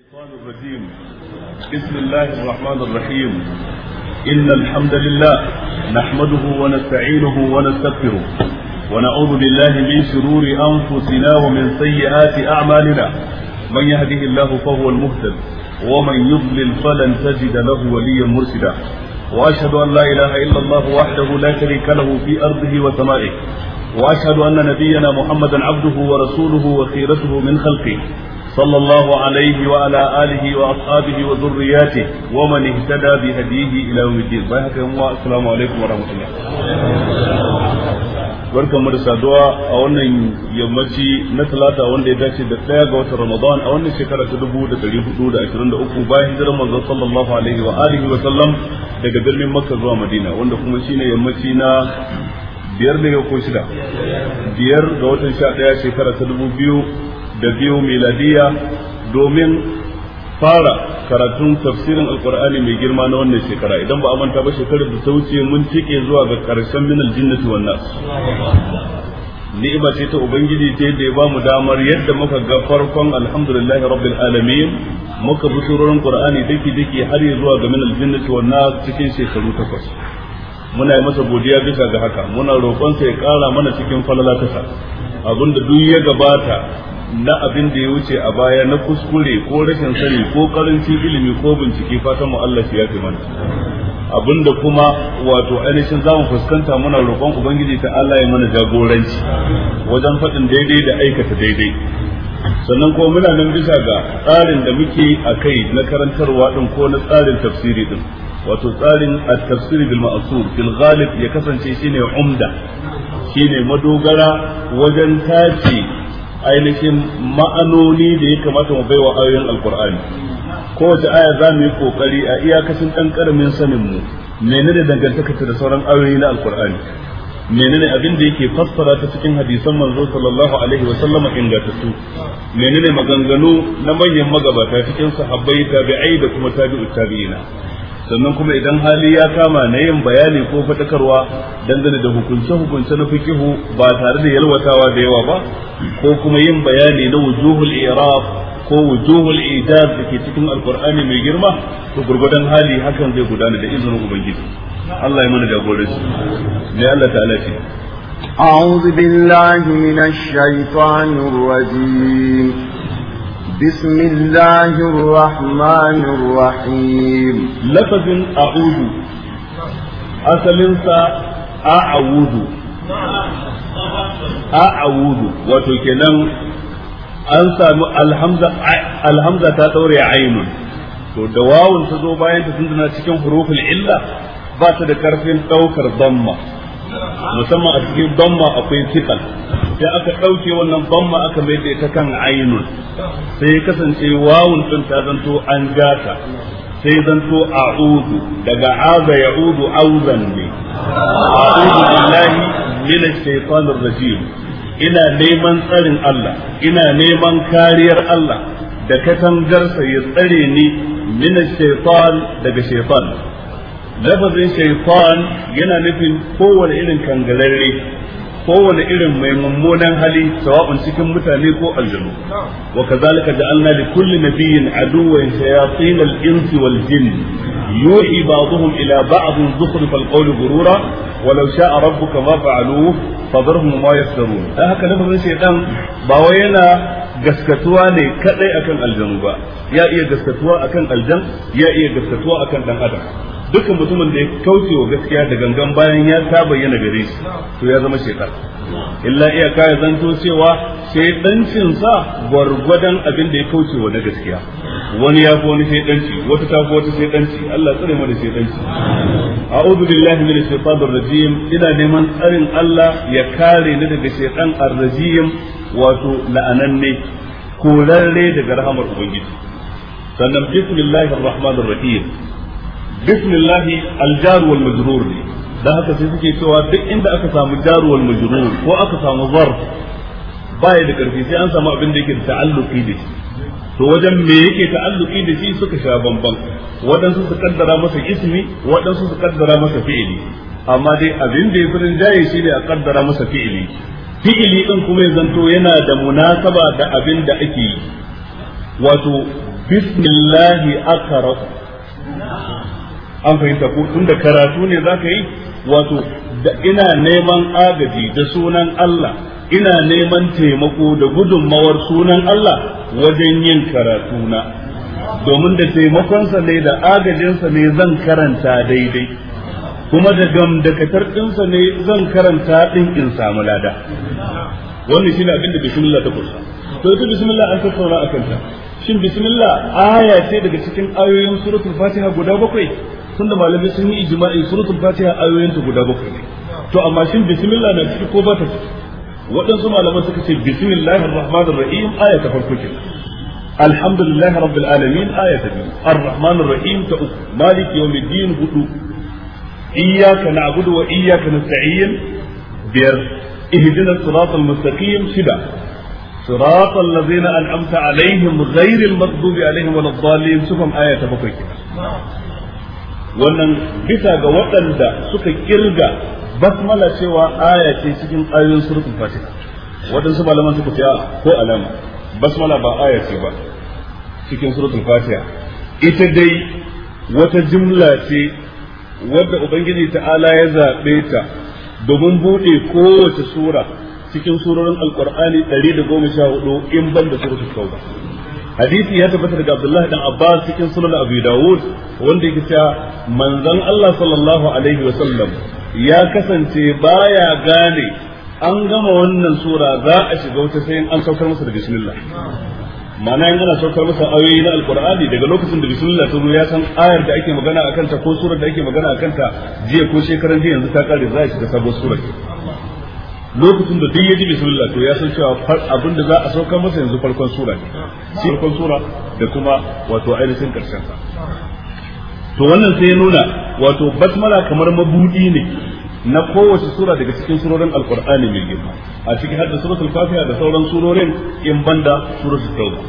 الشيطان الرجيم بسم الله الرحمن الرحيم إن الحمد لله نحمده ونستعينه ونستغفره ونعوذ بالله من شرور أنفسنا ومن سيئات أعمالنا من يهده الله فهو المهتد ومن يضلل فلن تجد له وليا مرشدا وأشهد أن لا إله إلا الله وحده لا شريك له في أرضه وسمائه وأشهد أن نبينا محمدا عبده ورسوله وخيرته من خلقه صلى الله عليه وعلى آله وأصحابه وذرياته ومن اهتدى بهديه إلى يوم الدين السلام عليكم ورحمة الله barkan mu da saduwa a wannan yammaci na talata wanda ya dace da tsaya ga watan ramadan a wannan shekara ta dubu da dari hudu da ashirin da uku bayan hijirar manzon sallallahu alaihi wa alihi wa sallam daga birnin makka zuwa madina wanda kuma shine yammaci na biyar da ko biyar ga watan shekara ta dubu biyu da biyu miladiya domin fara karatun tafsirin alkur'ani mai girma na wannan shekara idan ba a manta ba shekarar da ta wuce mun cike zuwa ga karshen min aljinnati wannan. ni'ima ce ta ubangiji ta yadda ya ba mu damar yadda muka ga farkon alhamdulillahi rabbil alamin muka bi surorin qur'ani dake dake har ya zuwa ga min aljinnati wannan cikin shekaru takwas muna yi masa godiya bisa ga haka muna roƙon ya ƙara mana cikin sa abinda duk ya gabata na abin da ya wuce a baya na kuskure ko rashin sani ko karancin ilimi ko bincike fatan mu Allah ya fi mana abinda kuma wato ainihin zamu fuskanta muna roƙon ubangiji ta Allah ya mana jagoranci wajen faɗin daidai da aikata daidai sannan kuma muna nan bisa ga tsarin da muke a kai na karantarwa din ko na tsarin tafsiri din wato tsarin at-tafsir bil ma'sur fil ghalib ya kasance shine umda shine madogara wajen tace ainihin ma'anoni da ya kamata mu baiwa ayoyin alkur'ani kowace aya za mu yi kokari a iyakacin ɗan ƙaramin sanin mu menene dangantaka ta da sauran ayoyi na alkur'ani menene abin da yake fassara ta cikin hadisan manzo sallallahu alaihi wa sallam ingantattu menene maganganu na manyan magabata cikin sahabbai tabi'ai da kuma tabi'u tabi'ina sannan kuma idan hali ya kama na yin bayani ko fadakarwa dangane da hukunce-hukunce na fikihu ba tare da yalwatawa da yawa ba ko kuma yin bayani na wujuhul iraq ko wujuhul ijaz da ke cikin alkur'ani mai girma to gurgudan hali hakan zai gudana da izinin ubangiji Allah ya mana jagoranci ne Allah ta'ala ce أعوذ بالله من الشيطان الرجيم بسم الله الرحمن الرحيم لفظ أعوذ أسلنسا أعوذ أعوذ وتكلم أنسى الحمزة الحمزة تطوري عين to da wawun ta zo bayan ta tunduna cikin hurufin illa ba ta da karfin ɗaukar damma musamman a cikin bamma akwai fiqal sai aka ɗauke wannan bamma aka mai da ita kan ainun sai ya kasance wawun din ta zanto an gata sai zanto a'udu daga aza ya'udu auzan ne a'udu billahi min rajim ina neman tsarin Allah ina neman kariyar Allah da katangarsa ya tsare ni mina daga shaytan lafazin shaitan yana nufin kowane irin kangalarre kowane irin mai mummunan hali sawa'un cikin mutane ko aljanu wa kazalika ja'alna li kulli nabiyyin aduwwan shayatin al-insi wal jinn yuhi ba'dhum ila ba'dhin zukhruf al-qawli ghurura wa law sha'a rabbuka ma fa'aluhu fadharhum ma yaftarun dan haka lafazin shaitan ba wai yana gaskatuwa ne kadai akan aljanu ba ya iya gaskatuwa akan aljan ya iya gaskatuwa akan dan adam dukkan mutumin da ya kauce wa gaskiya da gangan bayan ya ta bayyana gare shi to ya zama shaitan illa iya ya zanto cewa shaidancin sa gwargwadon abin da ya kauce wa na gaskiya wani ya fi wani shaidanci wata ta fi wata shaidanci Allah tsare mana shaidanci a'udhu billahi minash shaitanir rajim ina neman tsarin Allah ya kare ni daga shaitan ar wato la'ananne korarre daga rahamar ubangiji sannan bismillahir rahmanir rahim Bismillahi aljar wal majrur Da haka sai suke cewa duk inda aka samu jar majrur ko aka samu zarf baya da karfi sai an samu abin da yake ta'alluqi da shi to wajen me yake ta'alluqi da shi suka sha bamban waɗansu su kaddara masa ismi waɗansu su kaddara masa fi'ili amma dai abin da ya fi rinjaye shi ne a kaddara masa fi'ili fi'ili din kuma ya zanto yana da munasaba da abin da ake yi wato bismillahi akara an fahimta ko da karatu ne zaka yi wato da ina neman agaji da sunan Allah ina neman taimako da gudunmawar sunan Allah wajen yin karatu na domin da taimakonsa ne da agajinsa ne zan karanta daidai kuma da gamdakatar ɗinsa ne zan karanta ɗin in samu lada wannan shi ne abin da bismillah ta kusa to ita bismillah an tattauna a kanta. shin bismillah aya ce daga cikin ayoyin suratul fatiha guda bakwai tunda malamai sun yi ijma'i suratul fatiha ayoyin ta guda bakwai ne to amma shin bismillah na ciki ko ba ta ciki waɗansu malaman suka ce bismillahir rahmanir rahim aya ta farko ce alhamdulillah rabbil alamin aya ta biyu arrahmanir rahim ta uku maliki yawmiddin hudu iyyaka na'budu wa iyyaka nasta'in biyar ihdina siratal mustaqim shida صراط الذين أنعمت عليهم غير المغضوب عليهم ولا الضالين سفهم آية بقي wannan bisa ga waɗanda suka kirga basmala cewa aya ce cikin ayoyin surutun fatiha waɗansu malaman suka ce ko alama basmala ba aya ce ba cikin surutun fatiha ita dai wata jimla ce wadda ubangiji ta'ala ya zaɓe ta domin buɗe kowace sura cikin surorin sha 114 in ban da suratul tauba hadisi ya tabbata daga Abdullah dan Abbas cikin sunan Abu Dawud wanda yake cewa manzon Allah sallallahu alaihi wa sallam ya kasance baya gane an gama wannan sura za a shiga wata sai an saukar masa da bismillah ma'ana yin ana saukar masa ayoyi na alkurani daga lokacin da bismillah ta zo ya san ayar da ake magana akan ta ko surar da ake magana akan ta jiya ko shekaran jiya yanzu ta kare za a shiga sabon surar lokacin da duk ya ji bismillah to ya san cewa abin da za a sauka masa yanzu farkon sura ne sai farkon sura da kuma wato ainihin karshen sa to wannan sai ya nuna wato basmala kamar mabudi ne na kowace sura daga cikin surorin alqur'ani mai girma a ciki har da suratul fatiha da sauran surorin in banda suratul tauba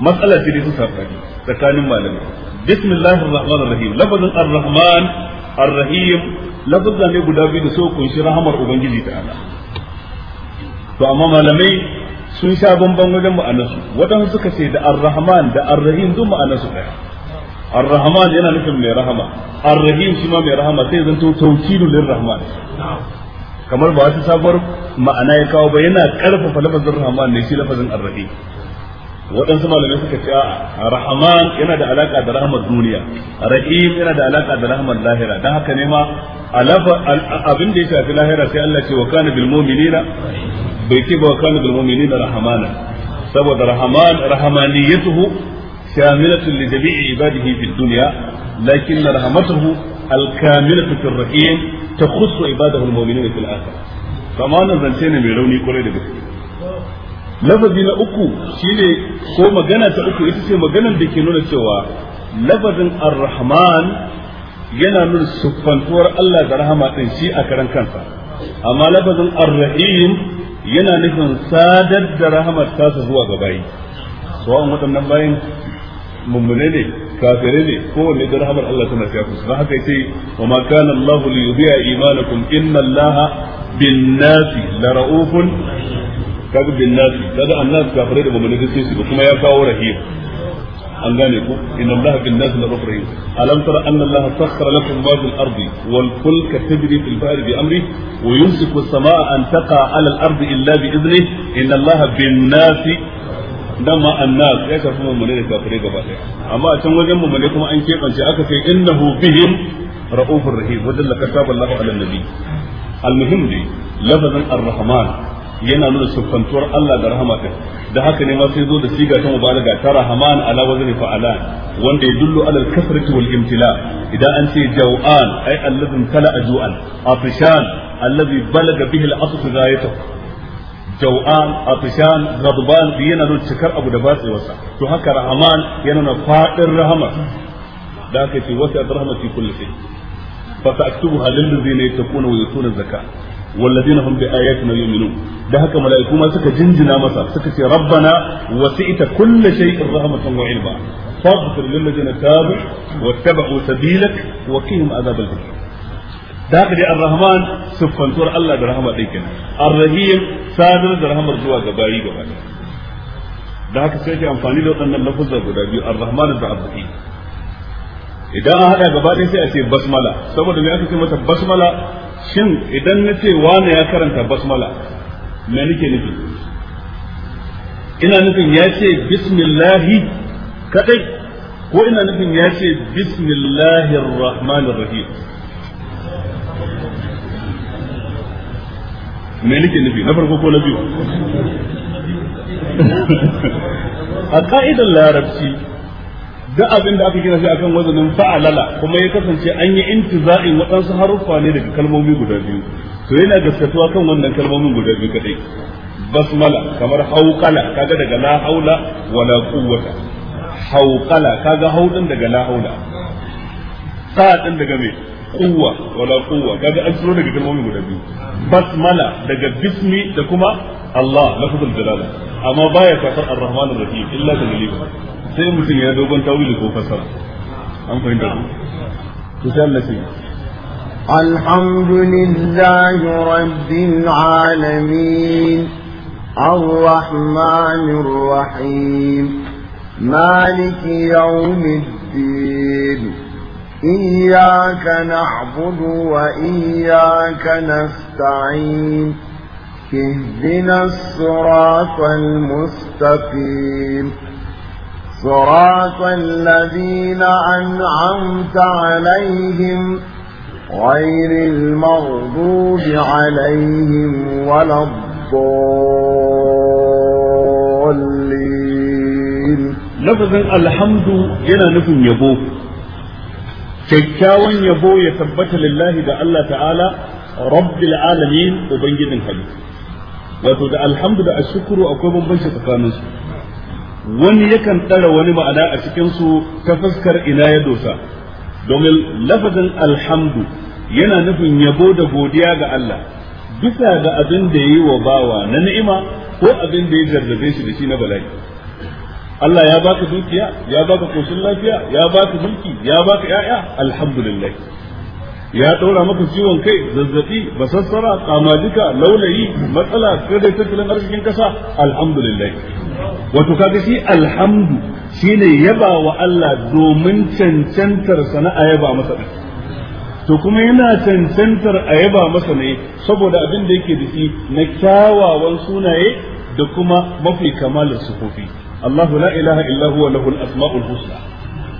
matsala ce da su sabani tsakanin malamai bismillahir rahmanir rahim lafazin ar-rahman ar-rahim lafuzza ne guda biyu da so kunshi rahamar ubangiji ta'ala to amma malamai sun sha bamban wajen ma'anarsu waɗansu suka ce da ar da ar-rahim duk ma'anarsu ɗaya ar yana nufin mai rahama ar-rahim shi ma mai rahama sai zanto tawkilu lir-rahman kamar ba wata sabuwar ma'ana ya kawo ba yana karfafa lafazin rahman ne shi lafazin ar waɗansu malamai suka ce a rahman yana da alaka da rahmar duniya rahim yana da alaka da rahmar lahira dan haka ne ma abin da ya shafi lahira sai Allah ce wa kana bil mu'minina bai ce ba wa kana bil mu'minina rahmana saboda rahman rahmaniyatuhu shamilatun li jami'i ibadihi fid dunya lakin rahmatuhu al-kamilatu fir rahim takhussu ibadahu al-mu'minina fil akhirah kama nan zance ne mai rauni kwarai da gaske lafazi na uku shine ko magana ta uku ita ce maganar da ke nuna cewa lafazin ar-rahman yana nuna siffantuwar Allah da rahama din shi a karan kansa amma lafazin ar yana nufin sadar da rahamar tasa zuwa ga bayi sawan waɗannan bayin mummune ne kafire ne kowanne da rahamar Allah tana shafi su don haka yace wa ma kana Allah li yudhi'a imanakum inna Allah bin nasi la ra'ufun kaga bin nas kaga annas kafare da bamu nake su kuma ya kawo rahim an gane ku inna allaha bin na la rahim alam tara anna allaha sakhkhara lakum ma fil ardi wal fulka tajri fil bahri bi amri wa yumsiku as-samaa an taqa ala al ardi illa bi idnihi inna allaha bin Nasi. dan ma annas ya tafi mu ne da kafare gaba daya amma a can wajen mu ne kuma an kebance aka ce innahu bihim ra'ufur rahim wajen la kataba allahu ala nabi المهم دي لفظا الرحمن yana nuna siffantuwar Allah da rahama din da haka ne ma sai zo da siga ta mubalaga ta rahman ala wazni fa'alan wanda yadullu ala al-kasrati wal imtila idan an ce jaw'an ay alladhi tala'a ju'an afishan alladhi balaga bihi al-asf ghayatahu jaw'an afishan ghadban yana nuna cikar abu da wasa to haka rahman yana nuna fadin rahama da haka ce wata rahmati kullu shay fa ta'tubuha lil ladina yattaquna wa yutuna zakata والذين هم بآياتنا يؤمنون ده هكا ملائكو ما سكا جنجنا مسا سكا ربنا وسئت كل شيء رحمة وعلما فاغفر للذين تابوا واتبعوا سبيلك وقهم عذاب الجحيم da haka dai ar-rahman Allah da rahama ɗin kenan ar sadar da rahamar zuwa ga bayi da haka sai ke amfani da waɗannan lafuzza guda biyu ar-rahman da ar-rahim idan an haɗa gaba ɗaya sai a ce basmala saboda me aka ce mata basmala shin idan na ce wane ya karanta basmala me nake nufi ina nufin ya ce bismillahi kadai ko ina nufin ya ce bismillahir rahmanir rahim me nake nufi na farko ko na biyu a ka'idar larabci duk abin da aka kira shi akan wazanin fa'alala kuma ya kasance an yi intiza'in waɗansu haruffa ne daga kalmomi guda biyu to yana gaskatuwa kan wannan kalmomin guda biyu kadai basmala kamar hauqala kaga daga la haula wala quwwata hauqala kaga haudin daga la haula sa'adin daga me quwwa wala quwwa kaga an tsoro daga kalmomi guda biyu basmala daga bismi da kuma Allah lafzul jalala amma baya kasar ar-rahman ar-rahim illa dalilin sai mutum ya dogon tawili ko fasara an fahimta ku ku sallah sai alhamdulillah rabbil alamin الرحمن الرحيم مالك يوم الدين إياك صراط الذين أنعمت عليهم غير المغضوب عليهم ولا الضالين لفظ الحمد جنا نفن يبو كيكاوا يبو يثبت لله ده الله تعالى رب العالمين وبنجد الحديث وتدعى الحمد ده الشكر وأقوم بنجد wani yakan tsara wani ma'ana a cikin su ta fuskar ina ya dosa domin lafazin alhamdu yana nufin yabo da godiya ga Allah bisa ga abin da yi wa bawa na ni'ima ko abin da ya jarrabe shi da shi na bala'i Allah ya baka dukiya ya baka koshin lafiya ya baka mulki ya baka ya'ya alhamdulillah ya ɗaura maka ciwon kai zazzabi basassara kamajika laulayi matsala kada tattalin arzikin kasa alhamdulillah wato kaga shi alhamdu shine yaba wa Allah domin cancantar sana'a yaba masa to kuma yana cancantar a yaba masa ne saboda abin da yake da shi na kyawawan sunaye da kuma mafi kamalar sufofi Allahu la ilaha illa huwa lahul asma'ul husna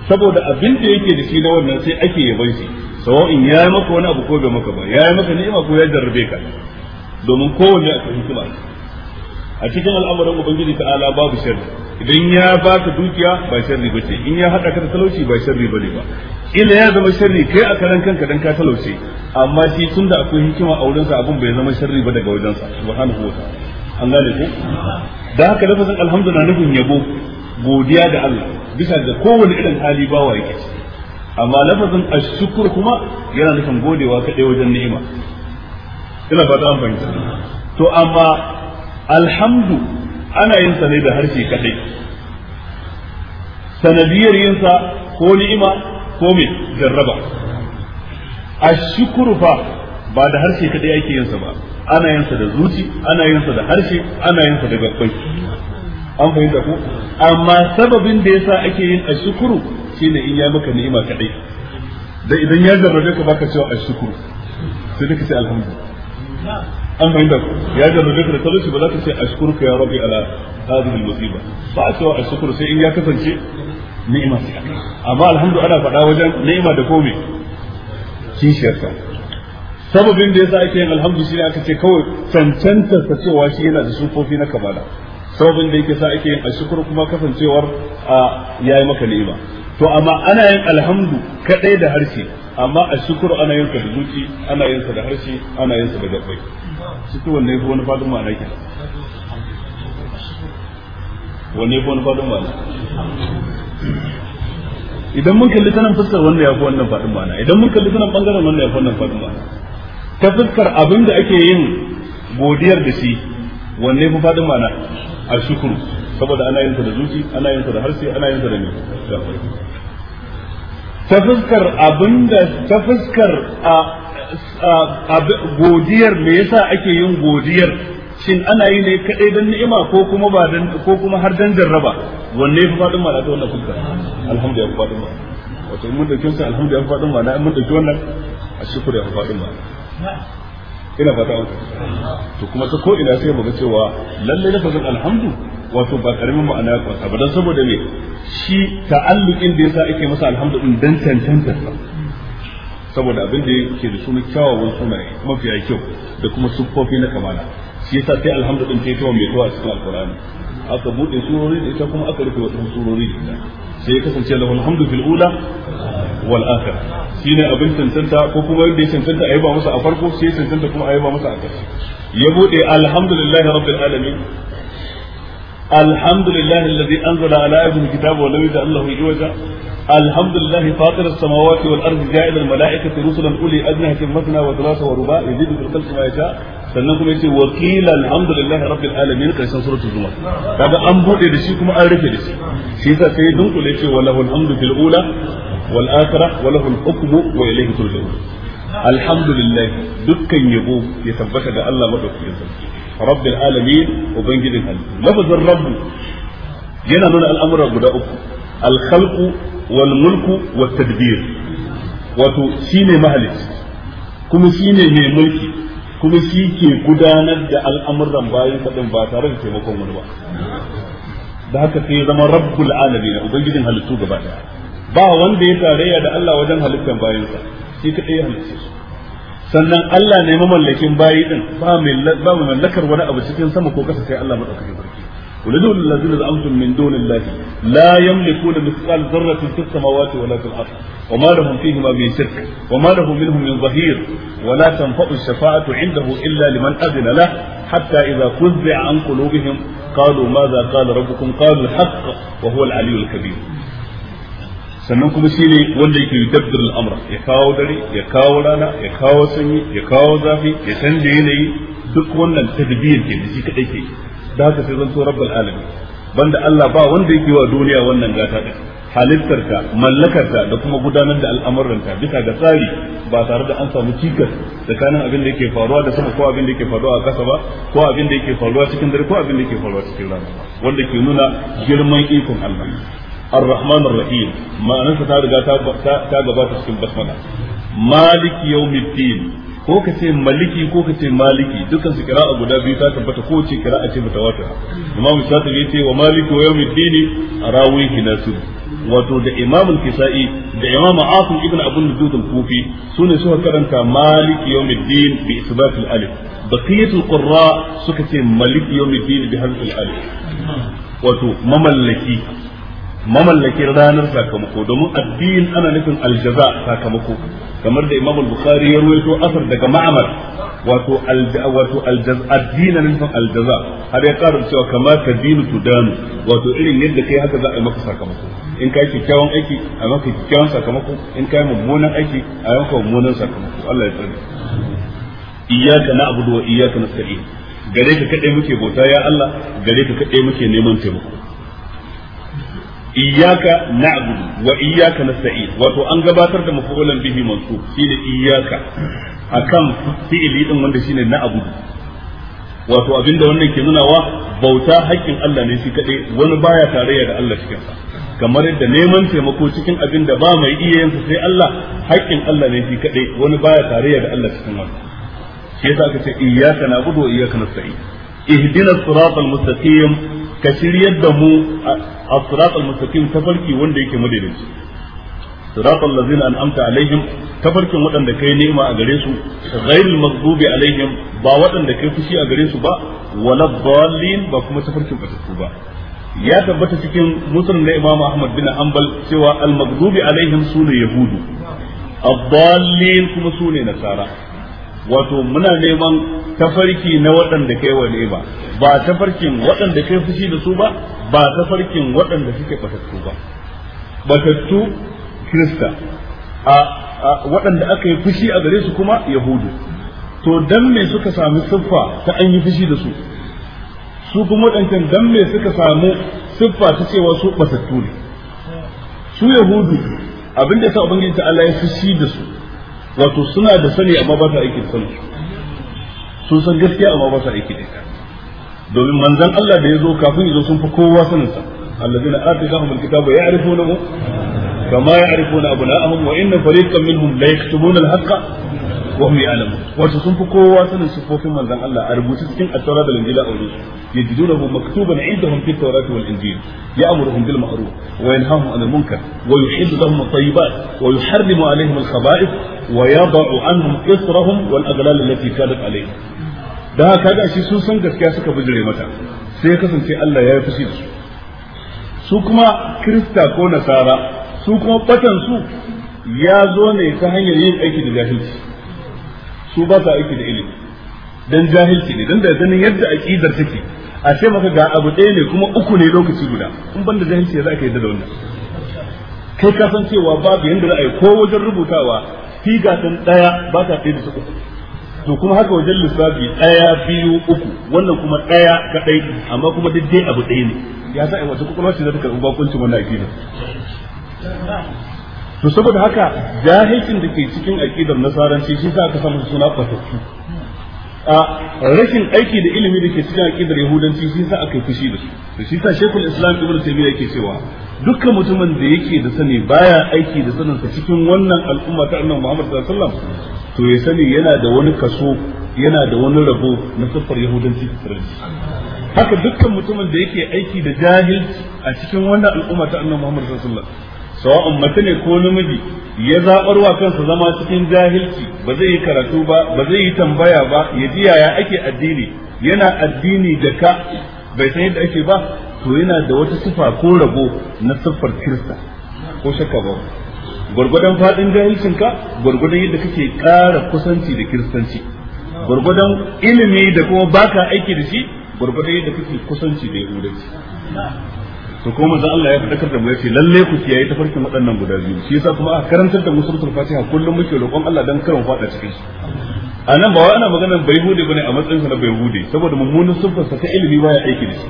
saboda abin da yake da shi na wannan sai ake yaban shi sawa'in ya yi maka wani abu ko bai maka ba ya yi maka ni'ima ko ya jarrabe ka domin kowanne a cikin hikima a cikin al'amuran ubangiji ta'ala babu sharri idan ya ka dukiya ba sharri ba ce in ya haɗa ka da talauci ba sharri ba ne ba ila ya zama sharri kai a karan kanka dan ka talauce amma shi tun da akwai hikima a wurinsa abun bai zama sharri ba daga wajensa subhanahu wa ta'ala an gane ko da haka lafazin alhamdu na nufin yabo godiya da Allah bisa ga kowane irin hali bawa yake ciki amma lafazin ashukur kuma yana nufin godewa kaɗai wajen ni'ima ina fata an fahimta to amma alhamdu ana yin sa ne da harshe kaɗai sanadiyar yin sa ko ni'ima ko mai jarraba ashkuru fa ba da harshe kaɗai ake yin sa ba ana yin sa da zuci ana yin sa da harshe ana yin sa da gabbai an fahimta ku amma sababin da yasa ake yin ashkuru shine in ya maka ni'ima kadai da idan ya jarrabe ka baka cewa ashkuru sai da cewa alhamdulillah an fahimta ku ya jarrabe ka da talauci ba za ka ce ashkuruka ya rabbi ala hadhihi almusiba ba a cewa ashkuru sai in ya kasance ni'ima sai amma alhamdu ana faɗa wajen ni'ima da kome kishiyarsa sababin da yasa ake yin alhamdu shi ne aka ce kawai cancanta ta cewa shi yana da sufofi na kamala sababin da yake sa ake yin ashkur kuma kasancewar a yayi maka ni'ima to amma ana yin alhamdu kadai da harshe amma ashkur ana yin sa da zuci ana yin sa da harshe ana yin sa da gabbai cikin wanne yafi wani fadin ma'ana ke wanne yafi wani fadin ma'ana idan mun kalli sanan fuskar wanda yafi wannan fadin ma'ana idan mun kalli sanan bangaren wanda yafi wannan fadin ma'ana ta fuskar abin da ake yin godiyar da shi wanne yafi fadin ma'ana a shukuru saboda ana yin ta da zuci ana yin ta da harshe ana yin ta da ne ta fuskar abinda ta fuskar a godiyar me yasa ake yin godiyar shin ana yi ne kadai dan ni'ima ko kuma ba dan ko kuma har dan jarraba wanne fa fadin ma ta wannan fuskar alhamdulillah ya fadin ma wato mun da kinsa alhamdulillah ya fadin na mun dauke wannan a shukuru ya fadin ma ina fata an to kuma ta ko ina sai mu ga cewa lalle lafazin alhamdu wato ba karamin ma'ana ya kwasa ba dan saboda me shi ta'alluqin da yasa ake masa alhamdu din dan tantanta saboda abin da yake da suna kyawawan sunaye mafiya kyau da kuma siffofi na kamala shi yasa sai alhamdu din ta yi tawa mai tawa cikin alkurani aka buɗe surori da ita kuma aka rufe wasu surori sai ya kasance lahul hamdu fil ula wal akhir shine abin tantanta ko kuma yadda ya tantanta ayyaba masa a farko sai ya tantanta kuma ayyaba masa a ƙarshe ya bude alhamdulillahi rabbil alamin alhamdulillahi alladhi anzala ala abdihi kitaba wa lam yaj'al lahu iwaja الحمد لله فاطر السماوات والارض جاعل الملائكه رسلا اولي اجنحه مثنى وثلاث ورباع يزيد في الخلق ما يشاء sannan kuma yace wakila alhamdulillah rabbil alamin karshen suratul zumar kaga an bude da shi kuma an rufe da shi shi yasa sai dunkule yace walahu alhamdu fil ula wal akhirah walahu al hukmu wa ilayhi turja'un alhamdulillah dukkan yabo ya tabbata ga Allah madaukakin sarki rabbil alamin ubangijin halittu lafazin rabbu yana nuna al'amura guda uku al khalqu wal mulku wat tadbir wato shine mahalici kuma shine mai mulki kuma shi ke gudanar da al'amuran bayan sadin ba tare da taimakon wani ba da haka sai zama rabbul alamin ubangijin halittu gaba daya ba wanda ya tarayya da Allah wajen halittar bayansa shi ka ya halittu su sannan Allah ne mamallakin bayi din ba mai mallakar wani abu cikin sama ko kasa sai Allah madaukakin barki ولدول الذين زعمتم من دون الله لا يملكون مثقال ذرة في السماوات ولا في الأرض وما لهم فيهما من شرك وما له منهم من ظهير ولا تنفع الشفاعة عنده إلا لمن أذن له حتى إذا فزع عن قلوبهم قالوا ماذا قال ربكم قالوا الحق وهو العلي الكبير sannan kuma shi ne wanda yake yudabbir al'amra ya kawo dare ya kawo rana ya kawo sanyi ya kawo zafi ya canja yanayi duk wannan tadbir ke da shi kadai ke da haka sai zanto rabbul alamin banda Allah ba wanda yake wa duniya wannan gata din halittarta mallakarta da kuma gudanar da al'amuranta bisa ga tsari ba tare da an samu cikas tsakanin abin da yake faruwa da sama ko abin da yake faruwa a kasa ba ko abin da yake faruwa cikin dare ko abin da yake faruwa cikin rana wanda ke nuna girman ikon Allah ar-rahman ar-rahim ma'anarsa ta riga ta gabata cikin basmala maliki yawmiddin ko ka ce maliki ko ka ce maliki dukkan su kira'a guda biyu ta tabbata ko ce kira'a ce wata. imamu ta ya ce wa maliki wa yawmiddini rawihi nasu wato da imam al-kisa'i da imam asim ibn abu nujud al-kufi sune suka karanta maliki yawmiddin bi isbat al-alif baqiyat al-qurra suka ce maliki yawmiddin bi harf al-alif wato mamallaki mamallakin ranar sakamako domin addinin ana nufin aljaza sakamako kamar da imam bukhari ya ruwaito asar daga ma'amar wato wato aljaz addina nufin aljaza har ya karar cewa kama ka dinu tudanu wato irin yadda kai haka za a yi maka sakamako in kai kyakkyawan aiki a maka kyakkyawan sakamako in kai mummunan aiki a yi maka mummunan sakamako Allah ya tsare iyyaka na'budu wa iyyaka nasta'in gare ka kadai muke bauta ya Allah gare ka kadai muke neman taimako iyyaka na'budu wa iyyaka nasta'in wato an gabatar da mafulan bihi mansub shine iyaka akan fi'ili din wanda shine na'budu wato abinda wannan ke nunawa bauta haƙƙin Allah ne shi kaɗai wani baya tarayya da Allah cikin sa kamar yadda neman taimako cikin abin da ba mai iya yin sai Allah haƙƙin Allah ne shi kaɗai wani baya tarayya da Allah cikin wannan shi yasa aka ce iyyaka na'budu wa iyyaka nasta'in ihdina siratal mustaqim ka shiryar da mu a siratal mustaqim tafarki wanda yake madaidaici siratal ladzina an'amta alaihim tafarkin waɗanda kai nema a gare su ghairil maghdubi alaihim ba waɗanda kai fushi a gare su ba wala dallin ba kuma tafarkin batattu ba ya tabbata cikin musulun na imam ahmad bin hanbal cewa al maghdubi alaihim suna yahudu ad-dallin kuma sune nasara wato muna neman tafarki na waɗanda kai wa ba ba tafarkin waɗanda kai fushi da su ba ba tafarkin waɗanda suke batattu ba batattu krista a waɗanda aka yi fushi a gare su kuma yahudu to dan me suka sami siffa ta an yi fushi da su su kuma waɗancan dan me suka samu siffa ta cewa su batattu ne su yahudu abinda sa ubangiji ta Allah ya fushi da su wato suna da sani amma ba sa aiki da sani sun san gaskiya amma ba sa aiki da ita domin manzan Allah da ya zo kafin ya zo sun fi kowa sanin sa allazina atayahum alkitaba ya'rifunahu kama ya'rifuna abna'ahum wa inna fariqan minhum la yaktubuna alhaqqa wa hum ya'lamun wato sun fi kowa sanin sifofin manzon Allah a rubuce cikin at-taura da injila a wurin su yajidunahu maktuban indahum fi at-taurati wal injil ya'muruhum bil ma'ruf wa yanhahum 'anil munkar wa yuhibbu lahum at-tayyibat wa yuharrimu 'alayhim al-khaba'ith wa yad'u 'anhum israhum wal aghlal allati kanat 'alayhim da haka ga shi sun san gaskiya suka bijire mata sai ya kasance Allah ya yi fushi da su su kuma krista ko nasara su kuma batan su ya zo ne ta hanyar yin aiki da jahilci su ba sa aiki da ilimi dan jahilci ne dan da ganin yadda aqidar take a ce maka ga abu ɗaya ne kuma uku ne lokaci guda in ban da jahilci za ka yadda da wannan kai ka san cewa babu yanda za a ko wajen rubutawa figatan ɗaya ba ta ɗaya da su uku to kuma haka wajen lissafi ɗaya biyu uku wannan kuma ɗaya kaɗai amma kuma duk dai abu ɗaya ne ya sa a wata kwakwalwa ce za ta karɓi bakuncin wannan aqidar to saboda haka jahilcin da ke cikin aqidar nasaranci shi za ka samu suna kwatattu a rashin aiki da ilimi da ke cikin aqidar yahudanci shi sa aka fushi da su to shi sa shekul islam ibnu taymiya yake cewa dukkan mutumin da yake da sani baya aiki da sanin sa cikin wannan al'umma ta annabi Muhammad sallallahu alaihi wasallam to ya sani yana da wani kaso yana da wani rabo na siffar yahudanci da haka dukkan mutumin da yake aiki da jahilci a cikin wannan al'umma ta annabi Muhammad sallallahu alaihi wasallam sawa mace ne ko namiji ya zabar wa kansa zama cikin jahilci ba zai yi karatu ba ba zai yi tambaya ba ya ji yaya ake addini yana addini da ka bai san yadda ake ba to yana da wata sifa ko rabo na siffar kirista ko shakka ba gwargwadon faɗin jahilcinka gwargwadon yadda kake ƙara kusanci da kiristanci gwargwadon ilimi da kuma baka aiki da shi gwargwadon yadda kake kusanci da yahudanci to ko manzo Allah ya fadakar da mu yace lalle ku kiyaye tafarkin waɗannan guda biyu shi yasa kuma a karantar da musulmatul fatiha kullum muke roƙon Allah dan karin fada cikin su a nan ba wai ana magana bai hude bane a matsayin sa na bai hude saboda mummunan sa ta ilimi baya aiki da shi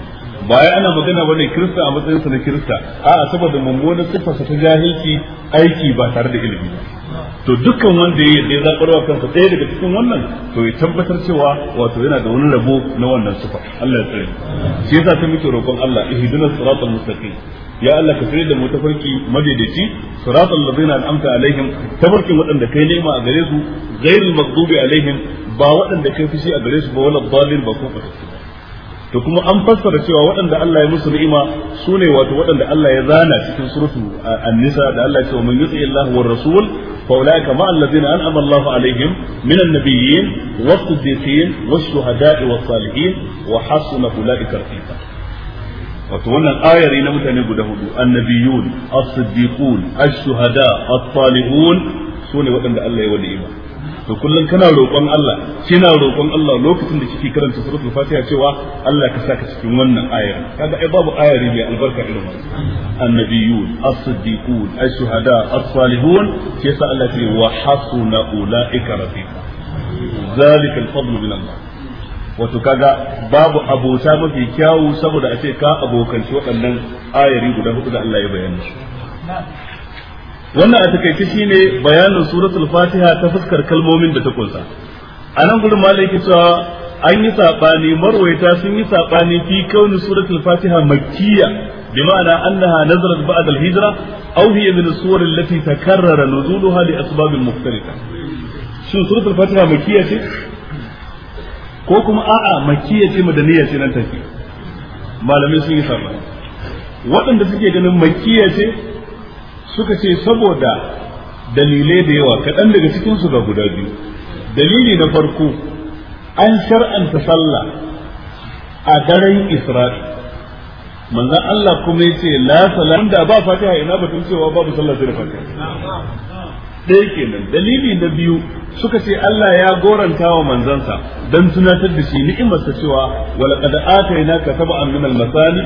ba ya ana magana ba ne kirista a matsayinsa na kirista a'a saboda mummunan siffarsa ta jahilci aiki ba tare da ilimi to dukkan wanda ya yi zaɓarwa kansa ɗaya daga cikin wannan to ya tabbatar cewa wato yana da wani rabo na wannan sifa Allah ya tsare shi yasa ta muke roƙon Allah ihdinas siratal mustaqim ya Allah ka tsare da mu tafarki madaidaici siratal ladzina an'amta alaihim tafarkin waɗanda kai nema a gare su ghairul maghdubi alaihim ba waɗanda kai fushi a gare su ba wala ba ko fata. da kuma an fassara cewa waɗanda Allah ya musu ni'ima su ne wato waɗanda Allah ya zana cikin suratu an-nisa da Allah ya ce man yuti Allah war rasul fa ulaika ma allazina an'ama Allahu alaihim min an-nabiyyin was-siddiqin wash-shuhada'i was-salihin wa hasuna ulaika rafiqa wato wannan ayari na mutane guda hudu annabiyun as-siddiqun ash-shuhada as-salihun su ne waɗanda Allah ya wa ni'ima to kullum kana roƙon Allah kina roƙon Allah lokacin da kike karanta suratul fatiha cewa Allah ka saka cikin wannan ayar kaga ai babu ayar ne albarka irin wannan annabiyun as-siddiqun ash-shuhada as-salihun shi yasa Allah ya wa hasuna ulaika rafiqa zalika al-fadlu min Allah wato kaga babu abota mafi kyawu saboda a ce ka abokanci waɗannan ayari guda hudu da Allah ya bayyana su wannan a takaice shine bayanin suratul fatiha ta fuskar kalmomin da ta kunsa a nan gudun malai ke cewa an yi saɓani marwaita sun yi saɓani fi kauni suratul fatiha makkiya bi ma'ana annaha nazarat ba'da al-hijra aw hiya min as-suwar allati takarrara nuzuluha li asbabin mukhtalifa shin suratul fatiha makkiya ce ko kuma a'a makkiya ce madaniya ce nan take malamai sun yi saɓani waɗanda suke ganin makkiya ce suka ce saboda dalilai da yawa kaɗan daga cikin su ga guda biyu dalili na farko an shar'anta sallah a daren isra'i manzan Allah kuma ya ce la salat ba fatiha ina batun cewa babu sallah sai da fatiha ɗaya kenan dalili na biyu suka ce Allah ya goranta wa manzansa don tunatar da shi ni'imarsa cewa wala qad atainaka sab'an min al-masani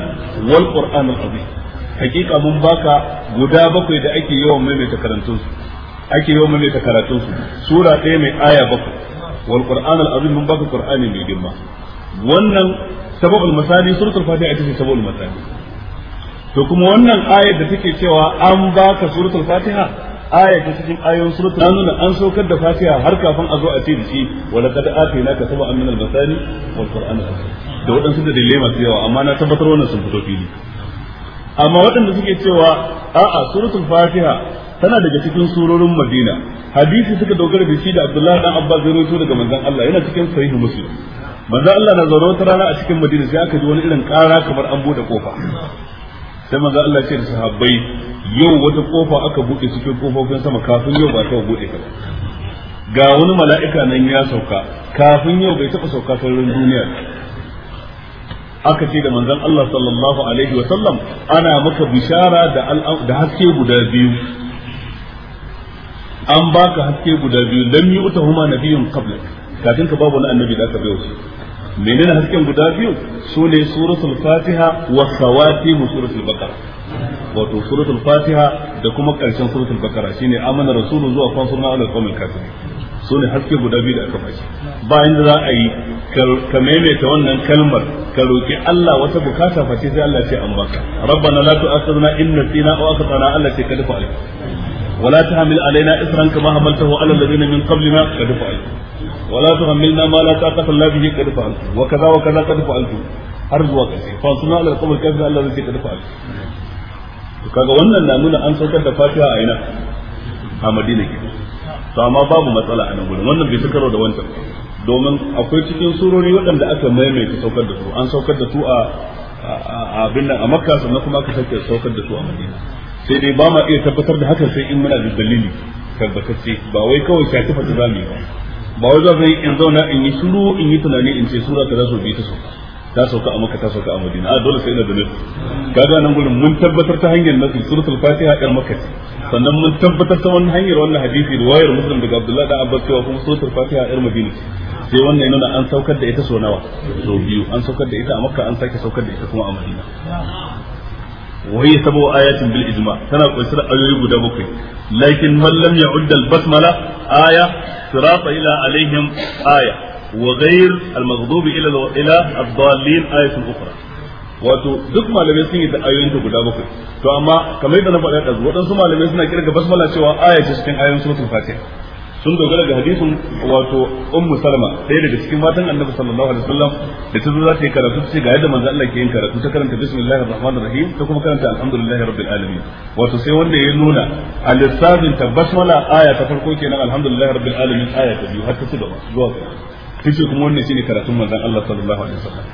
wal qur'an al-azim hakika mun baka guda bakwai da ake yawan maimaita karatun su ake yawan maimaita karatun su sura ɗaya mai aya bakwai wal qur'an al azim mun baka qur'ani mai girma wannan sababul masali suratul fatiha ita ce sababul masali to kuma wannan ayar da take cewa an baka suratul fatiha aya ta cikin ayoyin suratul an nuna an saukar da fatiha har kafin a zo a ce da shi wa laqad atayna ka sab'an min al-masani wal qur'an da waɗansu da dalilai masu yawa amma na tabbatar wannan sun fito fili amma waɗanda suke cewa a'a suratul fatiha tana daga cikin surorin madina hadisi suka dogara da shi da abdullahi dan abbas zai rawaito daga manzon Allah yana cikin sahihu muslim manzon Allah na zaro wata rana a cikin madina sai aka ji wani irin ƙara kamar an bude kofa sai manzon Allah ce da sahabbai yau wata kofa aka bude cikin kofofin sama kafin yau ba ta bude ga wani mala'ika nan ya sauka kafin yau bai taɓa sauka sauran duniya aka ce da manzon Allah sallallahu alaihi wa sallam ana maka bishara da da haske guda biyu an baka haske guda biyu lam yu'tahuma nabiyyun qablak kafin ka babu wani annabi da ka bayo shi menene hasken guda biyu sune suratul fatiha wa sawatimu suratul baqara wato suratul fatiha da kuma karshen suratul bakara shine amana rasulu zuwa fansurna ala qawmil kafir su ne haske guda biyu da aka fashi ba inda za a yi ka maimaita wannan kalmar ka roki Allah wata bukata face sai Allah ce an baka rabbana la tu'akhidhna in nasina aw akhtana Allah ce ka dafa alai ولا تحمل علينا إسرا كما حملته على الذين من قبلنا قد فعلت ولا تحملنا ما لا طاقة لنا به قد فعلت وكذا وكذا قد فعلت har zuwa ƙarshe fa suna alal qabl kafir kaga wannan na nuna an saukar da fatiha a ina a madina ke to amma babu matsala a nan gurin wannan bai sakaro da wancan domin akwai cikin surori waɗanda aka maimaita saukar da su an saukar da su a abin nan a makka sannan kuma aka sake saukar da su a madina sai dai ba ma iya tabbatar da hakan sai in muna da dalili tabbatacce ba wai kawai shafi fata zamu ba ba wai yi in zauna in yi shiru in yi tunani in ce sura ta zo bi ta sauka ta sauka a maka ta sauka a madina a dole sai na da nufi. Ka kaga nan gurin mun tabbatar ta hanyar nasu suratul fatiha yar makka sannan mun tabbatar ta wannan hanyar wannan hadisi riwayar muslim daga abdullahi da abbas cewa kuma suratul fatiha yar madina sai wannan yana an saukar da ita so nawa so biyu an saukar da ita a makka an sake saukar da ita kuma a madina وهي سبع آيات بالإجماع تنا قصر أيوه بدا بكي لكن من لم يعد البسملة آية صراط إلى عليهم آية وغير المغضوب الى الى الضالين ايه اخرى wato duk malamai sun yi da ayoyin ta guda bakwai to amma kamar yadda na faɗa ɗazu waɗansu malamai suna kirga basmala cewa aya ce cikin ayoyin suratul fatiha sun dogara ga hadisin wato ummu salma ɗaya daga cikin matan annabi sallallahu alaihi wasallam da ta zo za ta yi karatu ce ga yadda manzo Allah ke yin karatu ta karanta bismillahir rahmanir rahim ta kuma karanta alhamdulillahi rabbil alamin wato sai wanda ya nuna al-lissafin tabbas aya ta farko kenan alhamdulillahi rabbil alamin aya ta biyu har ta ci gaba zuwa kace kuma wannan shine karatun manzon Allah sallallahu alaihi wasallam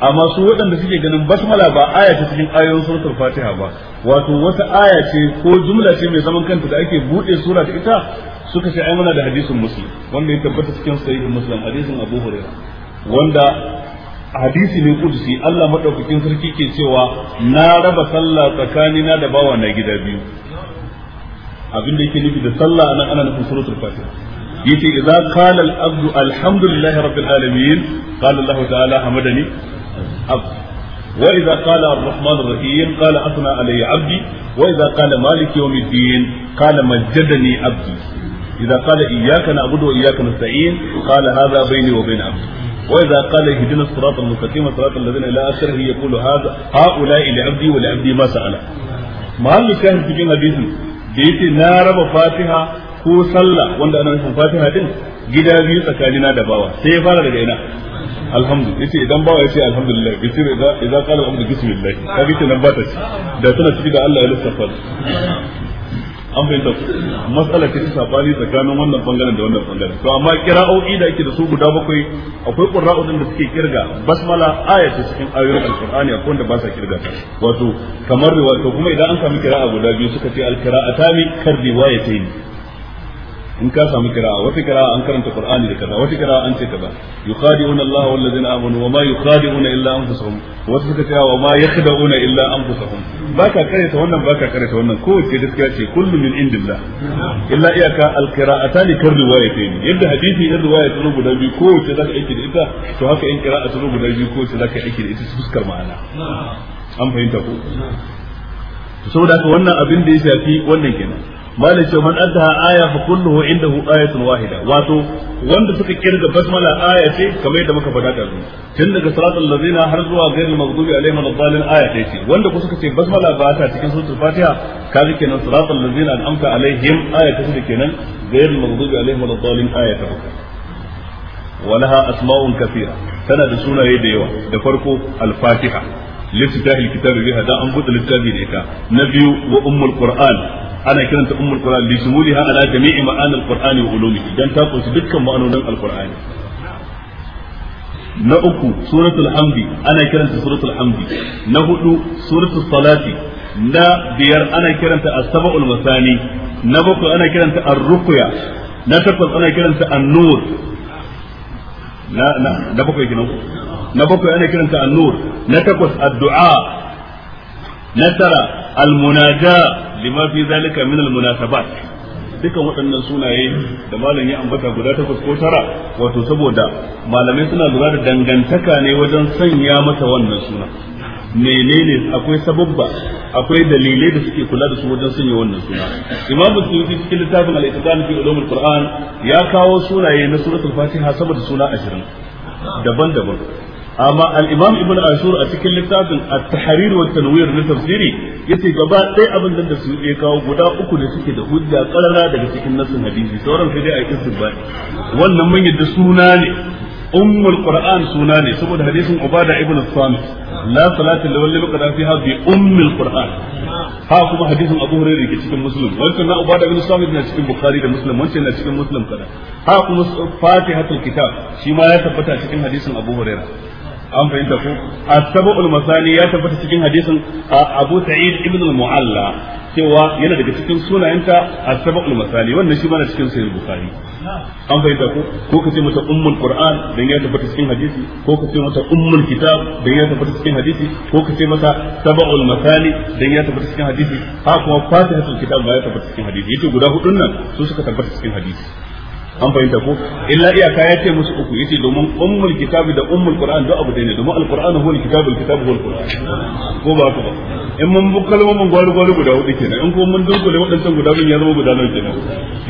amma su waɗanda suke ganin basmala ba aya ta cikin ayoyin suratul fatiha ba wato wata aya ce ko jumla ce mai zaman kanta da ake bude sura da ita suka ce ai muna da hadisin muslim wanda ya tabbata cikin sahihi muslim hadisin abu hurairah wanda hadisi ne kudusi Allah madaukakin sarki ke cewa na raba sallah tsakanina da bawa na gida biyu abin da yake nufi da sallah anan ana nufin suratul fatiha yace idza qala al-abdu alhamdulillahi rabbil alamin qala Allah ta'ala hamadani abd وإذا قال الرحمن الرحيم قال أثنى علي عبدي وإذا قال مالك يوم الدين قال مجدني عبدي إذا قال إياك نعبد وإياك نستعين قال هذا بيني وبين عبدي وإذا قال يهدنا الصراط المستقيم صراط الذين إلى آخره يقول هذا هؤلاء لعبدي ولعبدي ما سأل ما اللي كان في حديث da yace na ko sallah wanda ana nufin fatiha din gida biyu tsakanina da bawa sai ya fara daga ina alhamdu yace idan bawa yace alhamdulillah bisir idan idza qala alhamdu bismillah kaga kenan ba ta ci da tana ciki da Allah ya lissafa an fahimta matsala ce ta sabani tsakanin wannan bangaren da wannan bangaren to amma kira'o'i da ake da su guda bakwai akwai qurra'u da suke kirga basmala ayatu cikin ayoyin alqur'ani akwai wanda ba sa kirga ta wato kamar riwaya to kuma idan an samu kira'a guda biyu suka ce alqira'atani kar riwayatayn in ka samu kira. wata kira an karanta qur'ani da kaza wata kira an ce kaza yukhadi'una Allah wal ladzina amanu wa ma yukhadi'una illa anfusahum wata suka ce wa ma yakhda'una illa anfusahum baka ta wannan baka ta wannan kowace gaskiya ce kullu min indillah illa iyaka al qira'atani kar riwayatayn yadda hadisi in riwaya ta rubu da biyu kowace zaka aiki da ita to haka in qira'a ta rubu da biyu kowace zaka aiki da ita su fuskar ma'ana an fahimta ko saboda haka wannan abin da ya shafi wannan kenan malai ce man addaha aya fa kulluhu indahu ayatun wahida wato wanda suka kirga basmala aya ce kamar yadda muka faɗa da tun daga salatul ladina har zuwa ghairil maghdubi alaihim waladdallin aya ce wanda ku suka ce basmala ba ta cikin suratul fatiha kaga kenan salatul ladina an'amta alaihim aya ta su kenan ghairil maghdubi alaihim waladdallin aya ta tana da sunaye da yawa da farko al-fatiha. liftitahil kitabi biha da an buɗe littafi da ita na biyu wa ummul qur'an ana kiranta ummul qur'an li shumuliha ala jami'i ma'anil qur'ani wa ulumihi dan ta kunshi dukkan ma'anonin alqur'ani na uku suratul hamdi ana kiranta suratul hamdi na hudu suratul salati na biyar ana kiranta as-sab'ul masani na bakwai ana kiranta ar-ruqya na takwas ana kiranta an-nur na na na bakwai kinan na bakwai ana kiranta an-nur na takwas addu'a na tara al lima fi zalika min al dukan waɗannan sunaye da malam ya ambata guda takwas ko tara wato saboda malamai suna lura da dangantaka ne wajen sanya masa wannan suna menene akwai sababba akwai dalilai da suke kula da su wajen sanya wannan suna imamu suyuti cikin littafin al-itqan fi ulumul qur'an ya kawo sunaye na suratul fatiha saboda suna 20 daban-daban amma al-imam ibn ashur a cikin littafin at-tahrir wa tanwir na tafsiri yace gaba ɗaya abin da su ya kawo guda uku ne suke da hujja karara daga cikin nassin hadisi sauran sai dai a istinbat wannan mun yadda suna ne ummul qur'an suna ne saboda hadisin ubada ibn samit la salata lil walli qada fiha bi ummul qur'an ha kuma hadisin abu hurairah ke cikin muslim wancan na ubada ibn samit na cikin bukhari da muslim wancan na cikin muslim kada ha kuma kitab shi ma ya tabbata cikin hadisin abu an fahimta ko a sabul masani ya tabbata cikin hadisin Abu Sa'id ibn al-Mu'alla cewa yana daga cikin sunayenta a sabul masani wannan shi mana cikin sahih bukhari an fahimta ko ko kace mata ummul qur'an dan ya tabbata cikin hadisi ko kace mata ummul kitab dan ya tabbata cikin hadisi ko kace mata sab'ul masani dan ya tabbata cikin hadisi ha kuma fatihatul kitab ba ya tabbata cikin hadisi yace guda hudun nan su suka tabbata cikin hadisi an fahimta ko illa iyaka ya ce musu uku yace domin ummul kitabi da ummul qur'an duk abu ne domin alqur'anu huwa alkitabu alkitabu huwa alqur'an ko ba haka ba in mun bu kalmomin gwari gwari guda hudu kenan in kuma mun dunkule waɗancan guda bin ya zama guda nawa kenan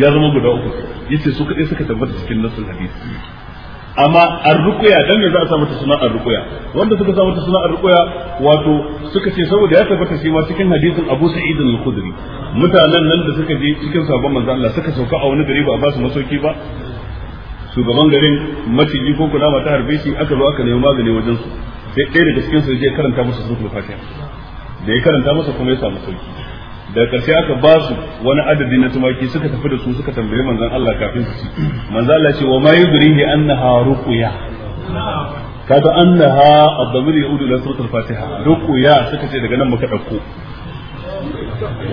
ya zama guda uku yace su kadai suka tabbata cikin nasul hadisi amma arruƙuya dan ne za a sa mata suna arruƙuya wanda suka sa mata suna arruƙuya wato suka ce saboda ya tabbata shi ma cikin hadisin Abu Sa'id al-Khudri mutanen nan da suka je cikin sabon manzon Allah suka sauka a wani gari ba a ba su masauki ba shugaban garin maciji ko kula ta harbe shi aka zo aka nemi magani wajen su sai ɗaya daga cikin su je karanta musu sunan Fatiha da ya karanta masa kuma ya samu sauki Daga karshe aka ba su wani adadi na tumaki suka tafi da su suka tambaye manzon Allah kafin su ci manzon Allah ce wa ma yudrihi annaha ruqya kaga annaha ad-damir yaudu ila suratul fatiha ruqya suka ce daga nan muka dauko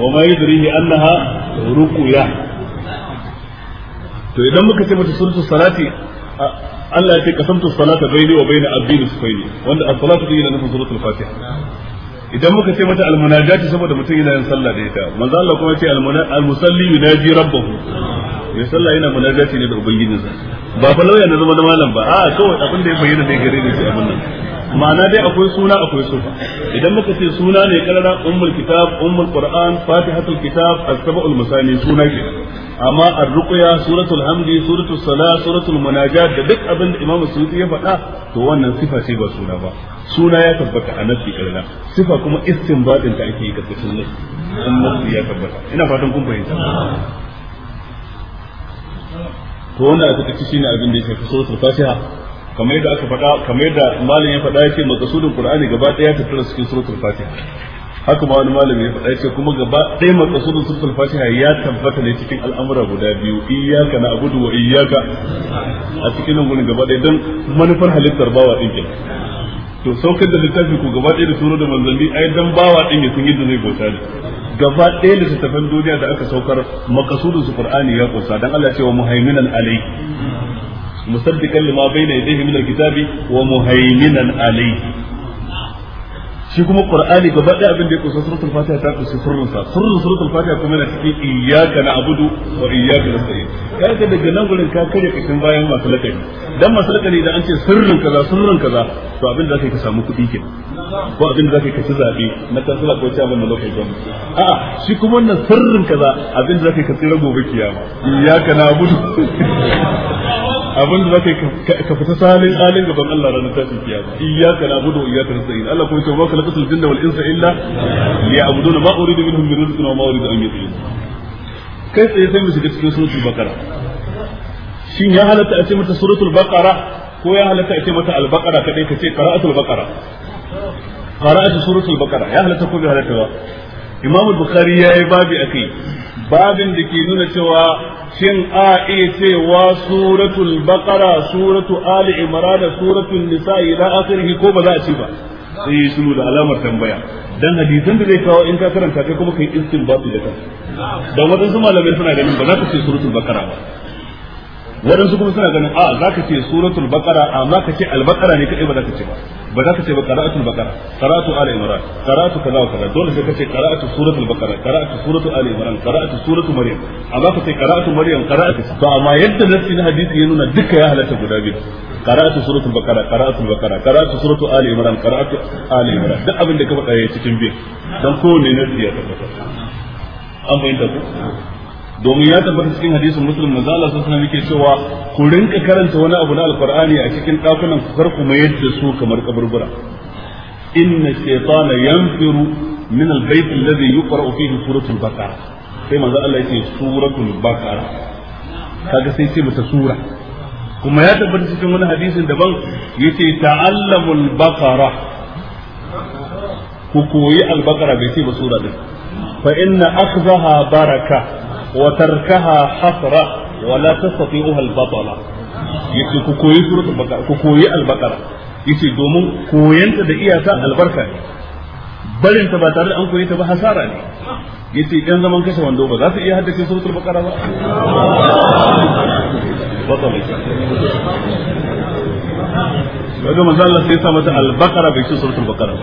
wa ma yudrihi annaha ruqya to idan muka ce mata suratul salati Allah ya ce kasamtu salata baini wa baina abdi nusaini wanda as-salatu ila nufin suratul fatiha idan muka ce mata almunajati saboda mutum yana yin sallah da ita manzo Allah kuma ce almusalli yunaji rabbahu ya sallah yana munajati ne da ubangijinsa ba fa lauya na zama da malam ba a kawai abin da ya bayyana da gare ne shi abin nan ma'ana dai akwai suna akwai sufa idan muka ce suna ne karara ummul kitab ummul qur'an fatihatul kitab as-sab'ul masani suna ke amma ar-ruqya suratul hamdi suratul salah suratul munajat da duk abin da imamu suyuti ya faɗa to wannan sifa ce ba suna ba suna ya tabbata a nafi karara sifa kuma istinbadin da ake yi ga nafi annabi ya tabbata ina fatan kun fahimta to wannan a take ne abin da ya shafi suratul fatiha kamar yadda aka faɗa kamar yadda malam ya faɗa yace maqsudul qur'ani gaba ɗaya ta tura cikin suratul fatiha haka ma wani malami ya faɗa yace kuma gaba ɗaya maqsudul suratul fatiha ya tabbata ne cikin al'amura guda biyu iyyaka na'budu wa iyyaka a cikin nan gaba ɗaya dan manufar halittar bawa din ke to saukar da littafi ku gaba ɗaya da turo da manzanni ai dan bawa din ya yi da zai bauta ne gaba ɗaya tafan duniya da aka saukar makasudin su qur'ani ya kusa dan Allah ya ce wa muhaiminan alai مصدقا لما بين يديه من الكتاب wa muhaiminan shi kuma qur'ani gaba da abin da ya kusa suratul fatiha ta kusa sirrin sa sirrin suratul fatiha kuma yana cikin iyyaka na'budu wa iyyaka nasta'in ka daga nan gurin ka kare kashin bayan masu lakani dan masu lakani idan an ce sirrin kaza sirrin kaza to abin da zakai ka samu kuɗi ke ko abin da zakai ka ci zabe na kansala ko ci abin da lokacin gwamnati a'a shi kuma wannan sirrin kaza abin da zakai ka tsira gobe kiyama iyyaka na'budu abin da zaka ka fita salin alin gaban Allah ranar tashin kiyama iyyaka na'budu wa iyyaka nasta'in Allah kuma ce wa khalaqatul jinna wal insa illa liya'buduna ma uridu minhum min rizqin wa ma uridu an yut'in kai tsaye sai mu shiga cikin suratul baqara shin ya halatta a ce mata suratul baqara ko ya halatta a ce mata al-baqara kadai ka ce qira'atul baqara qira'atu suratul baqara ya halatta ko bai halatta ba imam al-bukhari yayi babi akai babin da ke nuna cewa shin a iya cewa suratul baqara suratu ali imran suratul nisa ila akhirhi ko ba za a ce ba sai su da alamar tambaya dan hadisin da zai kawo in ka karanta kai kuma kai istinbati da kanka dan wadansu malamai suna ganin ba za ka ce suratul baqara ba waɗansu kuma suna ganin a za ka ce suratul baqara amma ka ce albakara ne kaɗai ba za ka ce ba ba za ka ce ba qira'atul baqara qira'atu ali imran qira'atu kaza wa kaza dole sai ka ce qira'atu suratul baqara qira'atu suratul ali imran qira'atu suratul maryam amma ka ce qira'atu maryam qira'atu to amma yadda nassi na hadisi ya nuna duka ya halatta guda biyu qira'atu suratul bakara qira'atul baqara qira'atu suratul ali imran qira'atu ali imran duk abin da ka faɗa ya cikin biyu dan kowanne nassi ya tabbata an bayyana ku domin ya tabbata cikin hadisin muslim manzo Allah sallallahu alaihi yake cewa ku rinka karanta wani abu na alqur'ani a cikin dakunan ku kar ku mayar da su kamar kaburbura inna shaytana yanfiru min albayt alladhi yuqra'u fihi suratul baqara sai manzo Allah yake suratul baqara kaga sai ce mata sura kuma ya tabbata cikin wani hadisin daban yace ta'allamul baqara ku koyi albaqara bai ce ba sura din fa inna akhdaha baraka wa tarkaha hasra wa la tastati'uha al-batala yace ku koyi suratul baqara ku koyi al da iyaka albarka ne barin tare da an koyi ta ba hasara ne yace idan wando ba za su iya haddace suratul baqara ba mata al bai ba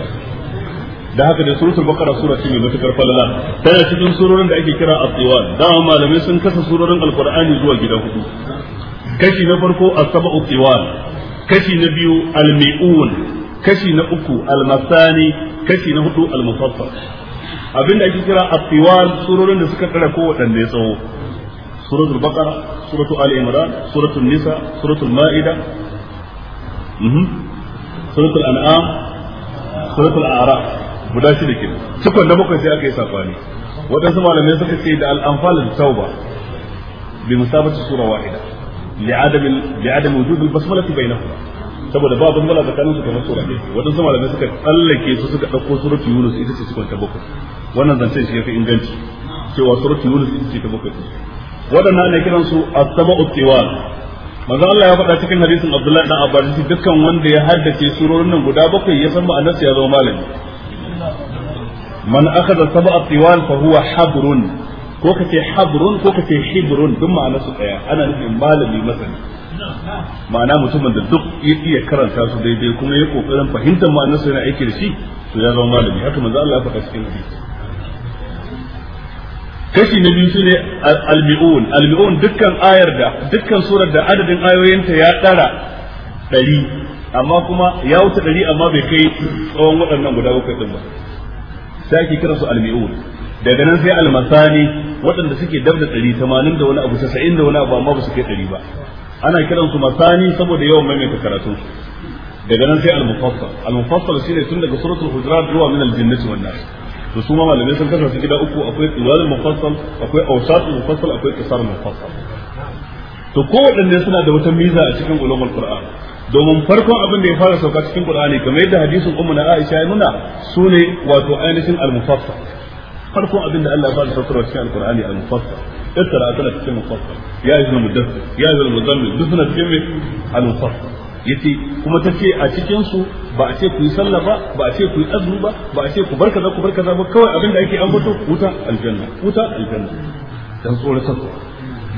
da haka da suratul baqara sura ce mai matukar falala tana cikin surorin da ake kira as-siwan dama malamai sun kasa surorin alqur'ani zuwa gida hudu kashi na farko as-sab'u siwan kashi na biyu al-mi'un kashi na uku al-masani kashi na hudu al-mufassal abinda ake kira as-siwan surorin da suka tsara kowanne tsawo suratul baqara suratul ali imran suratul nisa suratul ma'ida mhm. suratul an'am suratul a'raf guda shida kenan cikon da bakwai sai aka yi safani waɗansu malamai suka ce da al'amfal da tauba bi musabati sura wahida li adam li adam wujud al basmala bainahuma saboda ba basmala tsakanin su kamar sura ɗaya waɗansu malamai suka tsallake su suka dauko suratul yunus ita ce cikon ta bakwai wannan zancen shi yafi inganci cewa suratul yunus ita ce ta bakwai waɗannan ne kiran su as-saba'u tiwal manzo Allah ya faɗa cikin hadisin Abdullahi dan Abbas dukkan wanda ya haddace surorin nan guda bakwai ya san ma'anarsa ya zama malami man akhadha sab'a tiwal fa huwa habrun ko kace habrun ko kace hibrun duk ma'ana su daya ana nufin malami masani ma'ana mutumin da duk ya iya karanta su daidai kuma ya kokarin fahimtar ma'anar su yana aiki da shi to ya zama malami haka manzo Allah ya faɗa cikin kashi na biyu shine almi'un almi'un dukkan ayar da dukkan surar da adadin ayoyinta ya tsara ɗari amma kuma ya wuce ɗari amma bai kai tsawon waɗannan guda bakwai ɗin ba sai ake kiransu almi'un daga nan sai almasani waɗanda suke dab da ɗari tamanin da wani abu tasa'in da wani abu amma ba su kai ɗari ba ana kiransu masani saboda yawan maimaita karatun daga nan sai al-mufassal shine tun daga suratul hujurat zuwa min al-jinnati wan nas to su ma malamai sun kasa su gida uku akwai tilal mufassal akwai awsat mufassal akwai qisar mufassal to ko waɗanne suna da wata miza a cikin ulumul qur'an domin farkon abin da ya fara sauka cikin Qur'ani kamar yadda hadisin Ummu na Aisha ya nuna sune wato ainihin al-mufassal farkon abin da Allah ya fara saukarwa cikin al-Qur'ani al-mufassal ittara tana cikin mufassal ya yi na mudassir ya yi na mudammil duk na cikin al-mufassal yace kuma ta ce a cikin su ba a ce ku yi sallah ba ba a ce ku yi azumi ba ba a ce ku bar kaza ku bar kaza ba kawai abin da ake ambato wuta aljanna wuta aljanna dan tsoratarwa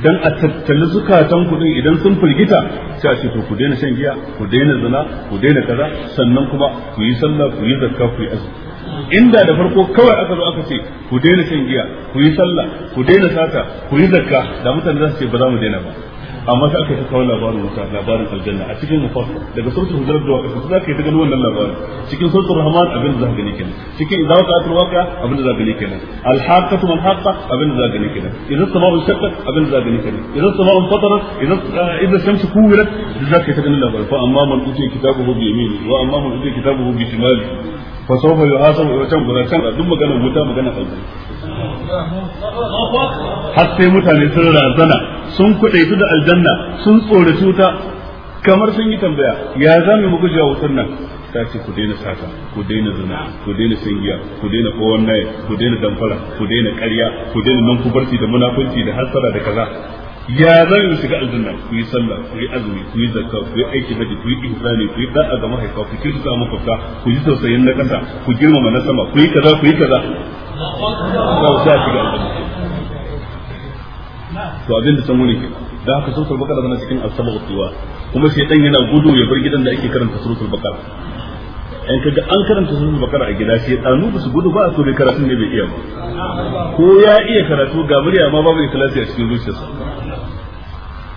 dan a tattali zukatan kuɗin idan sun firgita sai a ce to ku daina shan giya ku daina zina ku daina kaza sannan kuma ku yi sallah ku yi zakka ku yi azumi inda da farko kawai aka zo aka ce ku daina shan giya ku yi sallah ku daina sata ku yi zakka da mutane za su ce ba za mu daina ba amma sai aka kawo labarin wuta labarin aljanna a cikin mufassal daga suratul hujurat zuwa kasa sai aka yi ta gani wannan labarin cikin suratul rahman abin da za ka gani kenan cikin idawa ta atul waqi'a abin da za ka gani kenan al haqqatu wal abin da za ka gani kenan idan sama'u abin da za ka gani kenan idan sama'u fatarat idan ah, idan shamsu kuwirat za ka yi ta gani labarin fa amma man utiya kitabahu bi yamini wa amma man utiya kitabahu bi shimali fa sawfa yuhasabu wa tan gudan tan duk maganar wuta maganar aljanna har sai mutane sun razana sun kudaitu da aljanna aljanna sun tsore tuta kamar sun yi tambaya ya za mu guje wa wutar nan ta ce ku daina sata ku daina zina ku daina singiya ku daina kowan naye ku daina damfara ku daina ƙarya ku daina nan kubarci da munafunci da hasara da kaza ya za mu shiga aljanna ku yi sallah ku yi azumi ku yi zakka ku yi aiki haji ku yi ihsani ku yi da'a ga mahaifa ku kirsa makwabta ku ji tausayin na kasa ku girmama na sama ku yi kaza ku yi kaza za shiga aljanna to abin da san wuri kenan da haka suratul baqara tana cikin as-sabaqut tiwa kuma dan yana gudu ya bar gidan da ake karanta suratul baqara in kaga an karanta suratul bakara a gida sai dan ba su gudu ba so bai karatun ne bai iya ba ko ya iya karatu ga murya amma babu ikhlasi a cikin zuciyarsa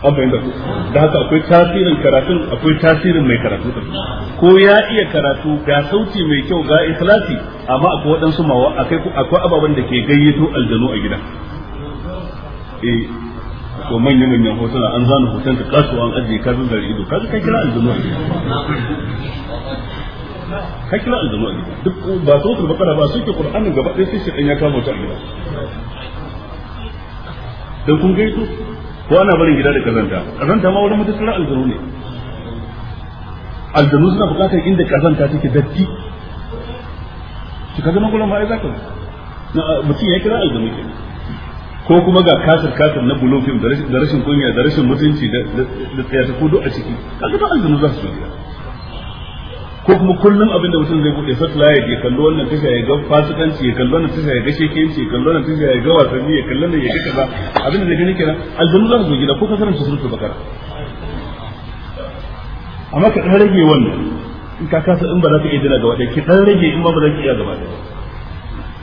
an fahimta ku da haka akwai tasirin karatun akwai tasirin mai karatu ko ya iya karatu ga sauti mai kyau ga ikhlasi amma akwai waɗansu mawa akwai ababen da ke gayyato aljanu a gida eh ko manyan manyan hotuna an zana hoton ka kasu an ajiye ka zazzare ido ka kai kira aljanu ka kira aljanu a gida duk ba suratul baqara ba suke qur'anin gaba ɗaya sai shi ya kama ta gida dan kun ga ito ko ana barin gida da kazanta kazanta ma wurin kira aljanu ne aljanu suna bukatar inda kazanta take datti su kaga nan gurin ma ai zaka mutum ya kira aljanu kenan ko kuma ga kasir kasir na bulofin da rashin kunya da rashin mutunci da tsaya ko kudu a ciki kaga ba azumi za su biya ko kuma kullum abinda mutum zai bude satellite ya kallo wannan tasha ya ga fasikanci ya kallo wannan tasha ya ga shekenci ya kallo wannan tasha ya ga wasanni ya kallo nan ya ga kaza abinda da gani kenan aljanu za su zo gida ko ka karanta surutu bakara amma ka dan rage wannan in ka kasa in ba za ka iya dana ga wadai ki dan rage in ba ba za ka iya gaba ɗaya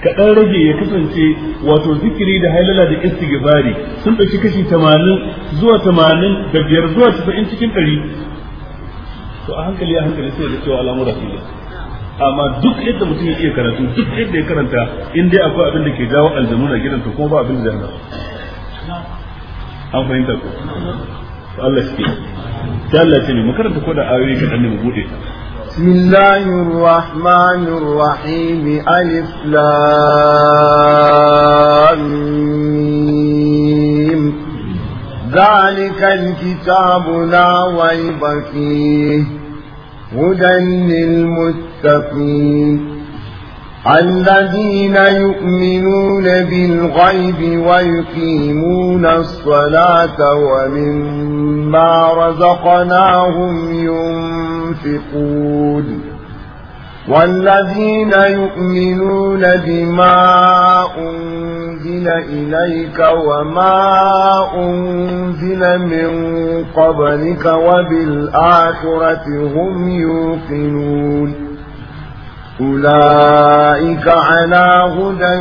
ka dan rage ya kasance wato zikiri da halala da istighfari sun ɗauki kashi 80 zuwa 80 da biyar zuwa 90 cikin 100 to a hankali a hankali sai da cewa al'amura su yi amma duk yadda mutum ya iya karatu duk yadda ya karanta in dai akwai abin da ke jawo aljanu na gidan ta kuma ba abin da zai an fahimta ko Allah shi ke ta Allah shi ne mu karanta ko da ayoyi kaɗan ne mu bude بسم الله الرحمن الرحيم ألف لام ذلك الكتاب لا ريب فيه هدى للمتقين الذين يؤمنون بالغيب ويقيمون الصلاة ومما رزقناهم ينفقون والذين يؤمنون بما أنزل إليك وما أنزل من قبلك وبالآخرة هم يوقنون أولئك على هدى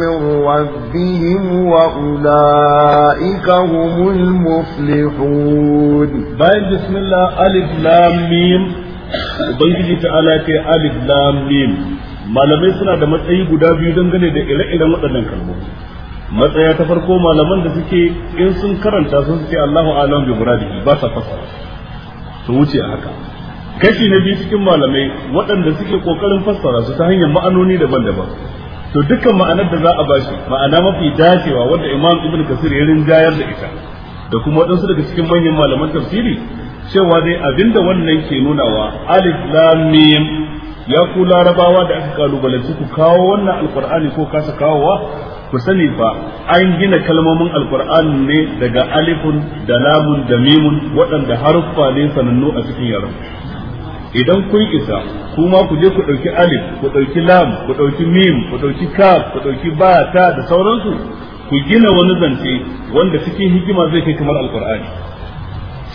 من ربهم وأولئك هم المفلحون بعد بسم الله ألف لام ميم وبنجي تعالى ألف لام ميم malamai suna da matsayi guda biyu dangane da ire-iren waɗannan kalmomi matsaya ta farko malaman da suke in sun karanta sun ce Allahu a'lam bi muradihi ba sa fasara su wuce a haka kashi na biyu cikin malamai waɗanda suke kokarin fassara su ta hanyar ma'anoni daban-daban to dukkan ma'anar da za a bashi ma'ana mafi dacewa wanda imam ibn kasir ya rinjayar da ita da kuma waɗansu daga cikin manyan malaman tafsiri cewa dai abinda wannan ke nunawa alif lam mim ya ku larabawa da aka kalubalanci ku kawo wannan alqur'ani ko kasa kawowa ku sani fa an gina kalmomin alqur'ani ne daga alifun da lamun da mimun waɗanda haruffa ne sanannu a cikin yaran idan kun isa kuma ku je ku ɗauki alif ku ɗauki lam ku ɗauki mim ku ɗauki kaf ku ɗauki ba ta da sauransu ku gina wani zance wanda cikin hikima zai kai kamar alqur'ani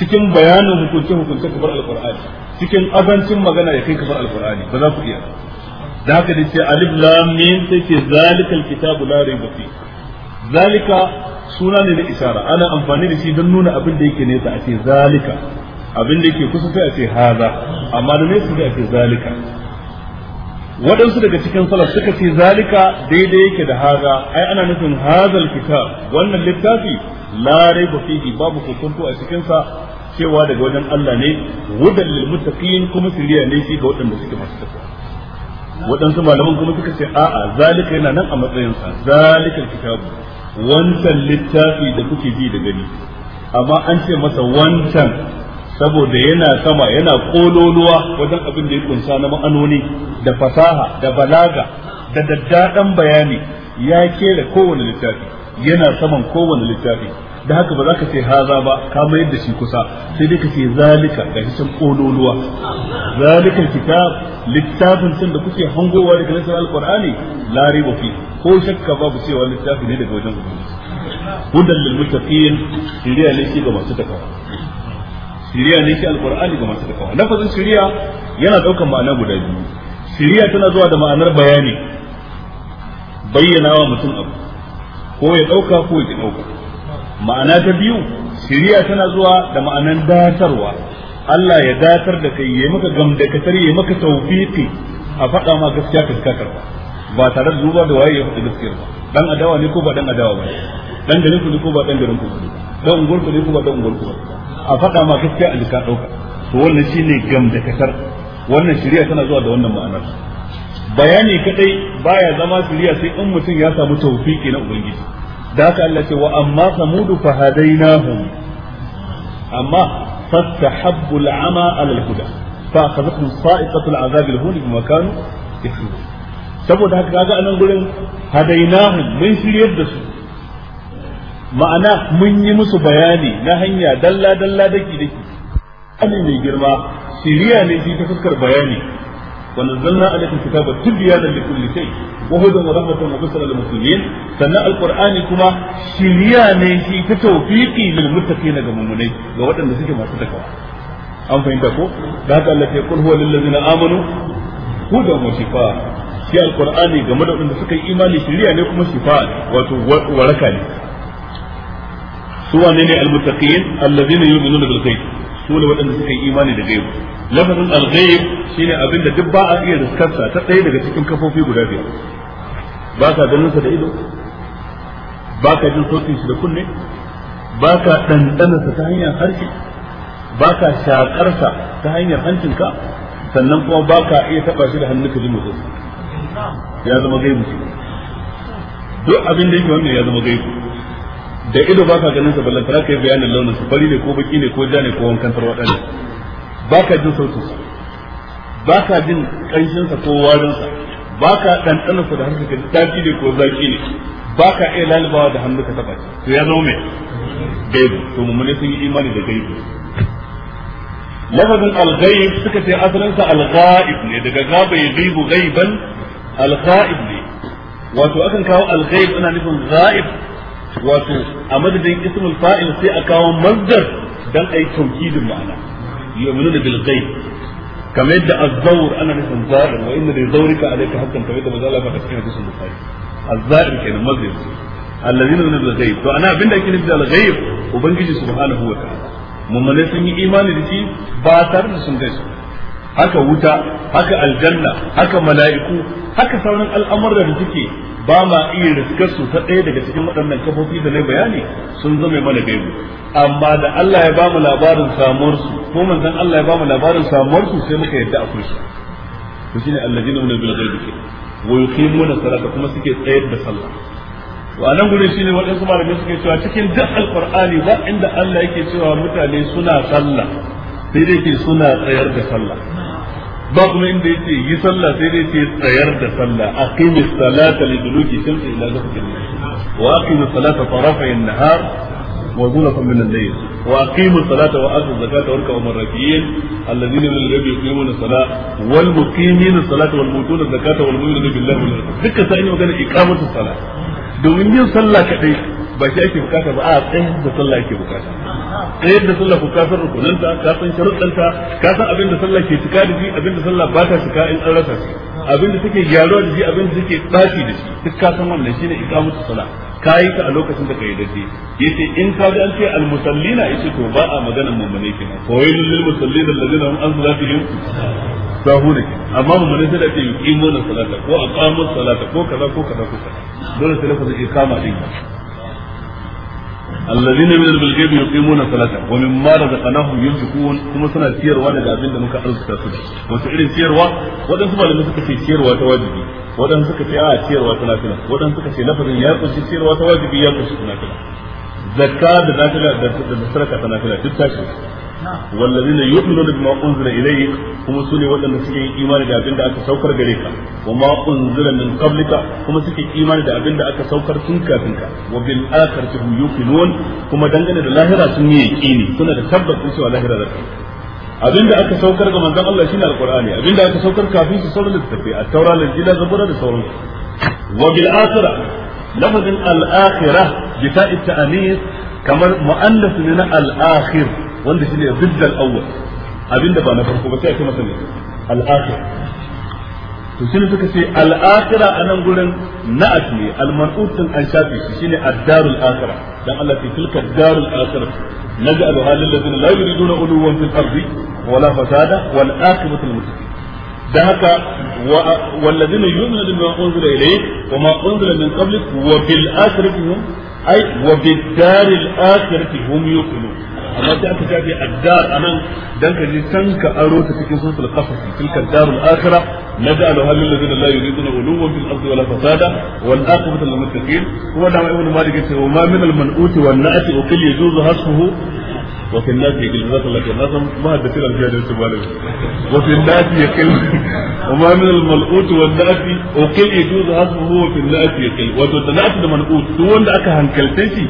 cikin bayanin hukunce hukunce kamar alqur'ani cikin azancin magana ya kai kamar alqur'ani ba za ku iya da haka dai ce alif lam mim sai ce zalikal kitabu la raiba fi zalika suna ne na isara ana amfani da shi don nuna abin da yake ne a ce zalika abin da yake kusa sai a ce haza amma da nesa sai a ce zalika waɗansu daga cikin salaf suka ce zalika daidai yake da haza ai ana nufin hazal kitab wannan littafi la raiba fihi babu kokonto a cikin sa cewa daga wajen Allah ne wudan lil muttaqin kuma siriya ne shi ga waɗanda suke masu takwa waɗansu malaman kuma suka ce a'a zalika yana nan a matsayin sa zalika kitab wancan littafi da kuke ji da gani amma an ce masa wancan saboda yana sama yana kololuwa wajen abin da ya kunsa na ma'anoni da fasaha da balaga da daddaɗan bayani ya kera kowane littafi yana saman kowane littafi da haka ba za ka ce haza ba ka mayar da shi kusa sai dai ka ce zalika da shi can kololuwa zalika kitab littafin sun da kuke hangowa daga nasar alkur'ani Lari riba fi ko shakka babu cewa littafi ne daga wajen ubangiji hudan lil muttaqin shiriya ne shi ga masu takawa siriya ne shi alkur'ani ga masu Na lafazin siriya yana daukan ma'ana guda biyu siriya tana zuwa da ma'anar bayani bayyanawa mutum abu ko ya dauka ko ya dauka ma'ana ta biyu siriya tana zuwa da ma'anar datarwa Allah ya datar da kai ya maka gamdakatar ya maka tawfiqi a faɗa ma gaskiya ka karba ba tare da duba da waye ya faɗi gaskiyar ba dan adawa ne ko ba dan adawa ba dan garin ku ne ko ba dan garin ku dan unguwar ku ne ko ba dan unguwar ku a faɗa ma gaskiya a jika ɗauka to wannan shine kasar wannan shari'a tana zuwa da wannan ma'anar bayani kadai baya zama shari'a sai in mutum ya samu tawfiki na ubangiji da haka Allah ce wa amma samudu fa hadainahum amma fastahabbu al'ama ala al-huda fa akhadhatuhum sa'iqatu al-'adhab al-hun saboda haka kaga anan gurin hadainahu mun shiryar da su ma'ana mun yi musu bayani na hanya dalla dalla daki daki ne mai girma shiriya ne shi ta fuskar bayani wa nazzalna alaykum kitaba tibyanan li kulli shay wa hudan wa rahmatan wa bushra lil muslimin sannan alqur'ani kuma shiriya ne shi ta tawfiqi lil muttaqina ga mu'minai ga waɗanda suke masu takawa an fahimta ko da haka Allah ya kulhu lil ladina amanu hudan wa shifa shi alqur'ani game da wanda suka yi imani shiriya ne kuma shifa wato waraka ne su wane ne almuttaqin alladhina yu'minuna bil ghaib su ne waɗanda suka yi imani da gaibu lafazin al-ghaib shine abin da duk ba a iya riskarsa ta ɗaya daga cikin kafofi guda biyar ba ka ganin sa da ido ba ka jin sautin shi da kunne ba ka ɗanɗanarsa ta hanyar harshe ba ka shaƙarsa ta hanyar hancinka sannan kuma ba ka iya taɓa shi da hannunka jin mutunsa ya zama gaibu shi duk abin da yake wannan ya zama gaibu da ido ba ka ganin sa ballan ka kai bayanin launin sa fari ne ko baki ne ko ja ne ko wankan tarwada ne ba ka jin sautin sa ba ka jin kanshin sa ko warin sa ba ka dandanar sa da ka tafi ne ko zaki ne ba ka iya lalubawa da hannu ka taba shi to ya zama mai gaibu to mummune sun yi imani da gaibu lafazin al-ghaib suka ce asalin sa al-ghaib ne daga gaba ya gaibu gaiban al-ghaib ne wato akan kawo al ana nufin ghaib wato a madadin ismul fa'il sai a kawo masdar dan ai tawkidin ma'ana yu'minuna bil ghaib kamar yadda az-zawr ana nufin zawr wa inna li zawrika alayka hakkan kamar yadda bazala fa cikin hadisin bukhari az-zawr kenan masdar allazina min al-ghaib to ana abinda ake nufi da al-ghaib ubangiji subhanahu wa ta'ala mummune sun yi imani da shi ba tare da sun gaisa haka wuta haka aljanna haka mala'iku haka sauran al'amuran da suke ba ma iya riskar su ta ɗaya daga cikin waɗannan kafofi da na bayani sun zama mana gaibu amma da Allah ya bamu labarin samuwar su ko manzon Allah ya bamu labarin samuwar su sai muka yadda akwai su to shine alladina min bil ghaibi ke wa yuqimuna salata kuma suke tsayar da sallah wa nan gurin shine waɗansu malamai suke cewa cikin duk alqur'ani ba inda Allah yake cewa mutane suna sallah sai dai ke suna tsayar da sallah ba kuma inda yace yi sallah sai dai ce tsayar da sallah a aqimis salata liduluki shamsi ila ghasaqil wa aqimis salata tarafay an-nahar wa zulfan min al-layl wa aqimus salata wa atuz zakata wa ruk'u marrakiyin alladhina lil ghaibi yuqimuna salata wal muqimina salata wal mutuna zakata wal mu'minuna billahi wal yawmil akhir dukkan sai ne magana iqamatu salat domin yin sallah kadai ba shi ake bukata ba a tsayar da sallah ake bukata tsayar yadda sallah ku kasar rukunanta ka san sharuɗanta ka san sallah ke cika da shi abinda sallah ba ta cika in an rasa shi abinda take gyaruwa da shi abinda take tsafi da shi duk ka san wannan shine iqamatu salah ka yi ta a lokacin da ka yi dace yace in ka ga an ce almusallina yace to ba a maganar mummune kenan fa wailul lil musallina allazina hum an salatihim sahuna amma mummune sai da ke yuqimuna salata ko aqamu salata ko kaza ko kaza ko kaza dole sai lafazin iqama din allazina min al-ghaibi yuqimuna salata wa mimma razaqnahum yunfiqun ciyarwa daga abin da muka arzuta su wato irin ciyarwa wadansu suka ce ta wajibi suka ce a ta suka ce lafazin ya kunshi ciyarwa ta wajibi ya kunshi ta zakka da da sadaka ta duk wallazina yu'minuna bima unzila ilayk kuma su ne waɗanda suke yin imani da abin da aka saukar gare ka wa ma unzila min qablika kuma suke imani da abin da aka saukar tun kafin ka wa bil akhirati hum yuqinun kuma dangane da lahira sun yi yaqini suna da tabbacin cewa lahira za abinda aka saukar ga manzon Allah shine alqur'ani abinda aka saukar kafin su sauran littafi at-taura al-injila da kamar mu'annas ne na akhirah wanda ne ziddal awwal abinda ba na farko ba sai ake masa ne al-akhir to shi suka ce al-akhira anan gurin na'at ne al-man'ut din an shafi shi shine ad-darul akira. dan Allah fi tilka ad-darul akhira naj'aluha lil ladina la yuriduna uluwan fil arzi wala fasada wal akhiratu lil muttaqin dan haka wal ladina yu'minuna bima unzila ilayk wa ma unzila min qablik wa bil akhirati hum ai wa bidaril akhirati hum yuqinu amma sai aka tafi addar anan dan ka je san ka aro ta cikin sunan qasas tilka darul akhirah naj'aluha lil ladina la yuriduna uluwan fil ardi wala fasada wal aqibatu lil muttaqin huwa da ibn malik yace wa ma min al man'uti wan na'ti wa kulli har hasbuhu وفي الناس يقل جزاك الله خير نظم ما حد سير الجهاد السبالي وفي الناس يقل وما من الملقوت والناس وقل يجوز حسبه وفي الناس يقل وتناس المنقوت دون ذاك هنكلتشي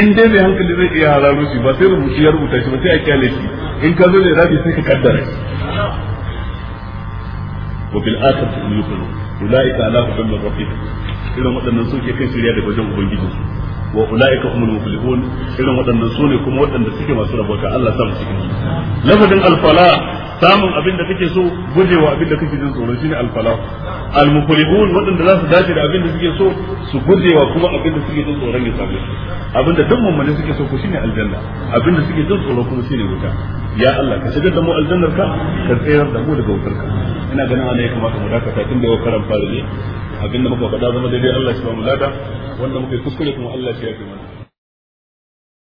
in dai mai hankali zai iya hararo shi ba sai rubutu ya rubuta shi ba sai a kyale shi in ka zo da rabi sai ka kaddara shi wa bil akhirati hum yuflihun ulaika ala hudan min rabbihim irin shirya da wajen ubangiji wa ulaika humul muflihun irin waɗannan sune kuma waɗanda suke masu rabota Allah samu cikin su lafadin alfala samun abin da kake so gujewa abin da kake jin tsoro shine alfala almuflihun waɗanda za su dace da abin da suke so su gujewa kuma abin da suke jin tsoron ya same su abin da duk mummune suke so ko shine aljanna abin da suke jin tsoro kuma shine wuta ya Allah ka shigar da mu aljannar ka ka tsayar da mu daga wutar ka ina ganin ana ya kamata mu dakata tun da yau karan fara ne abin da muka faɗa zama daidai Allah shi ba mu lada wanda muka yi kuskure kuma Allah Geld gemacht.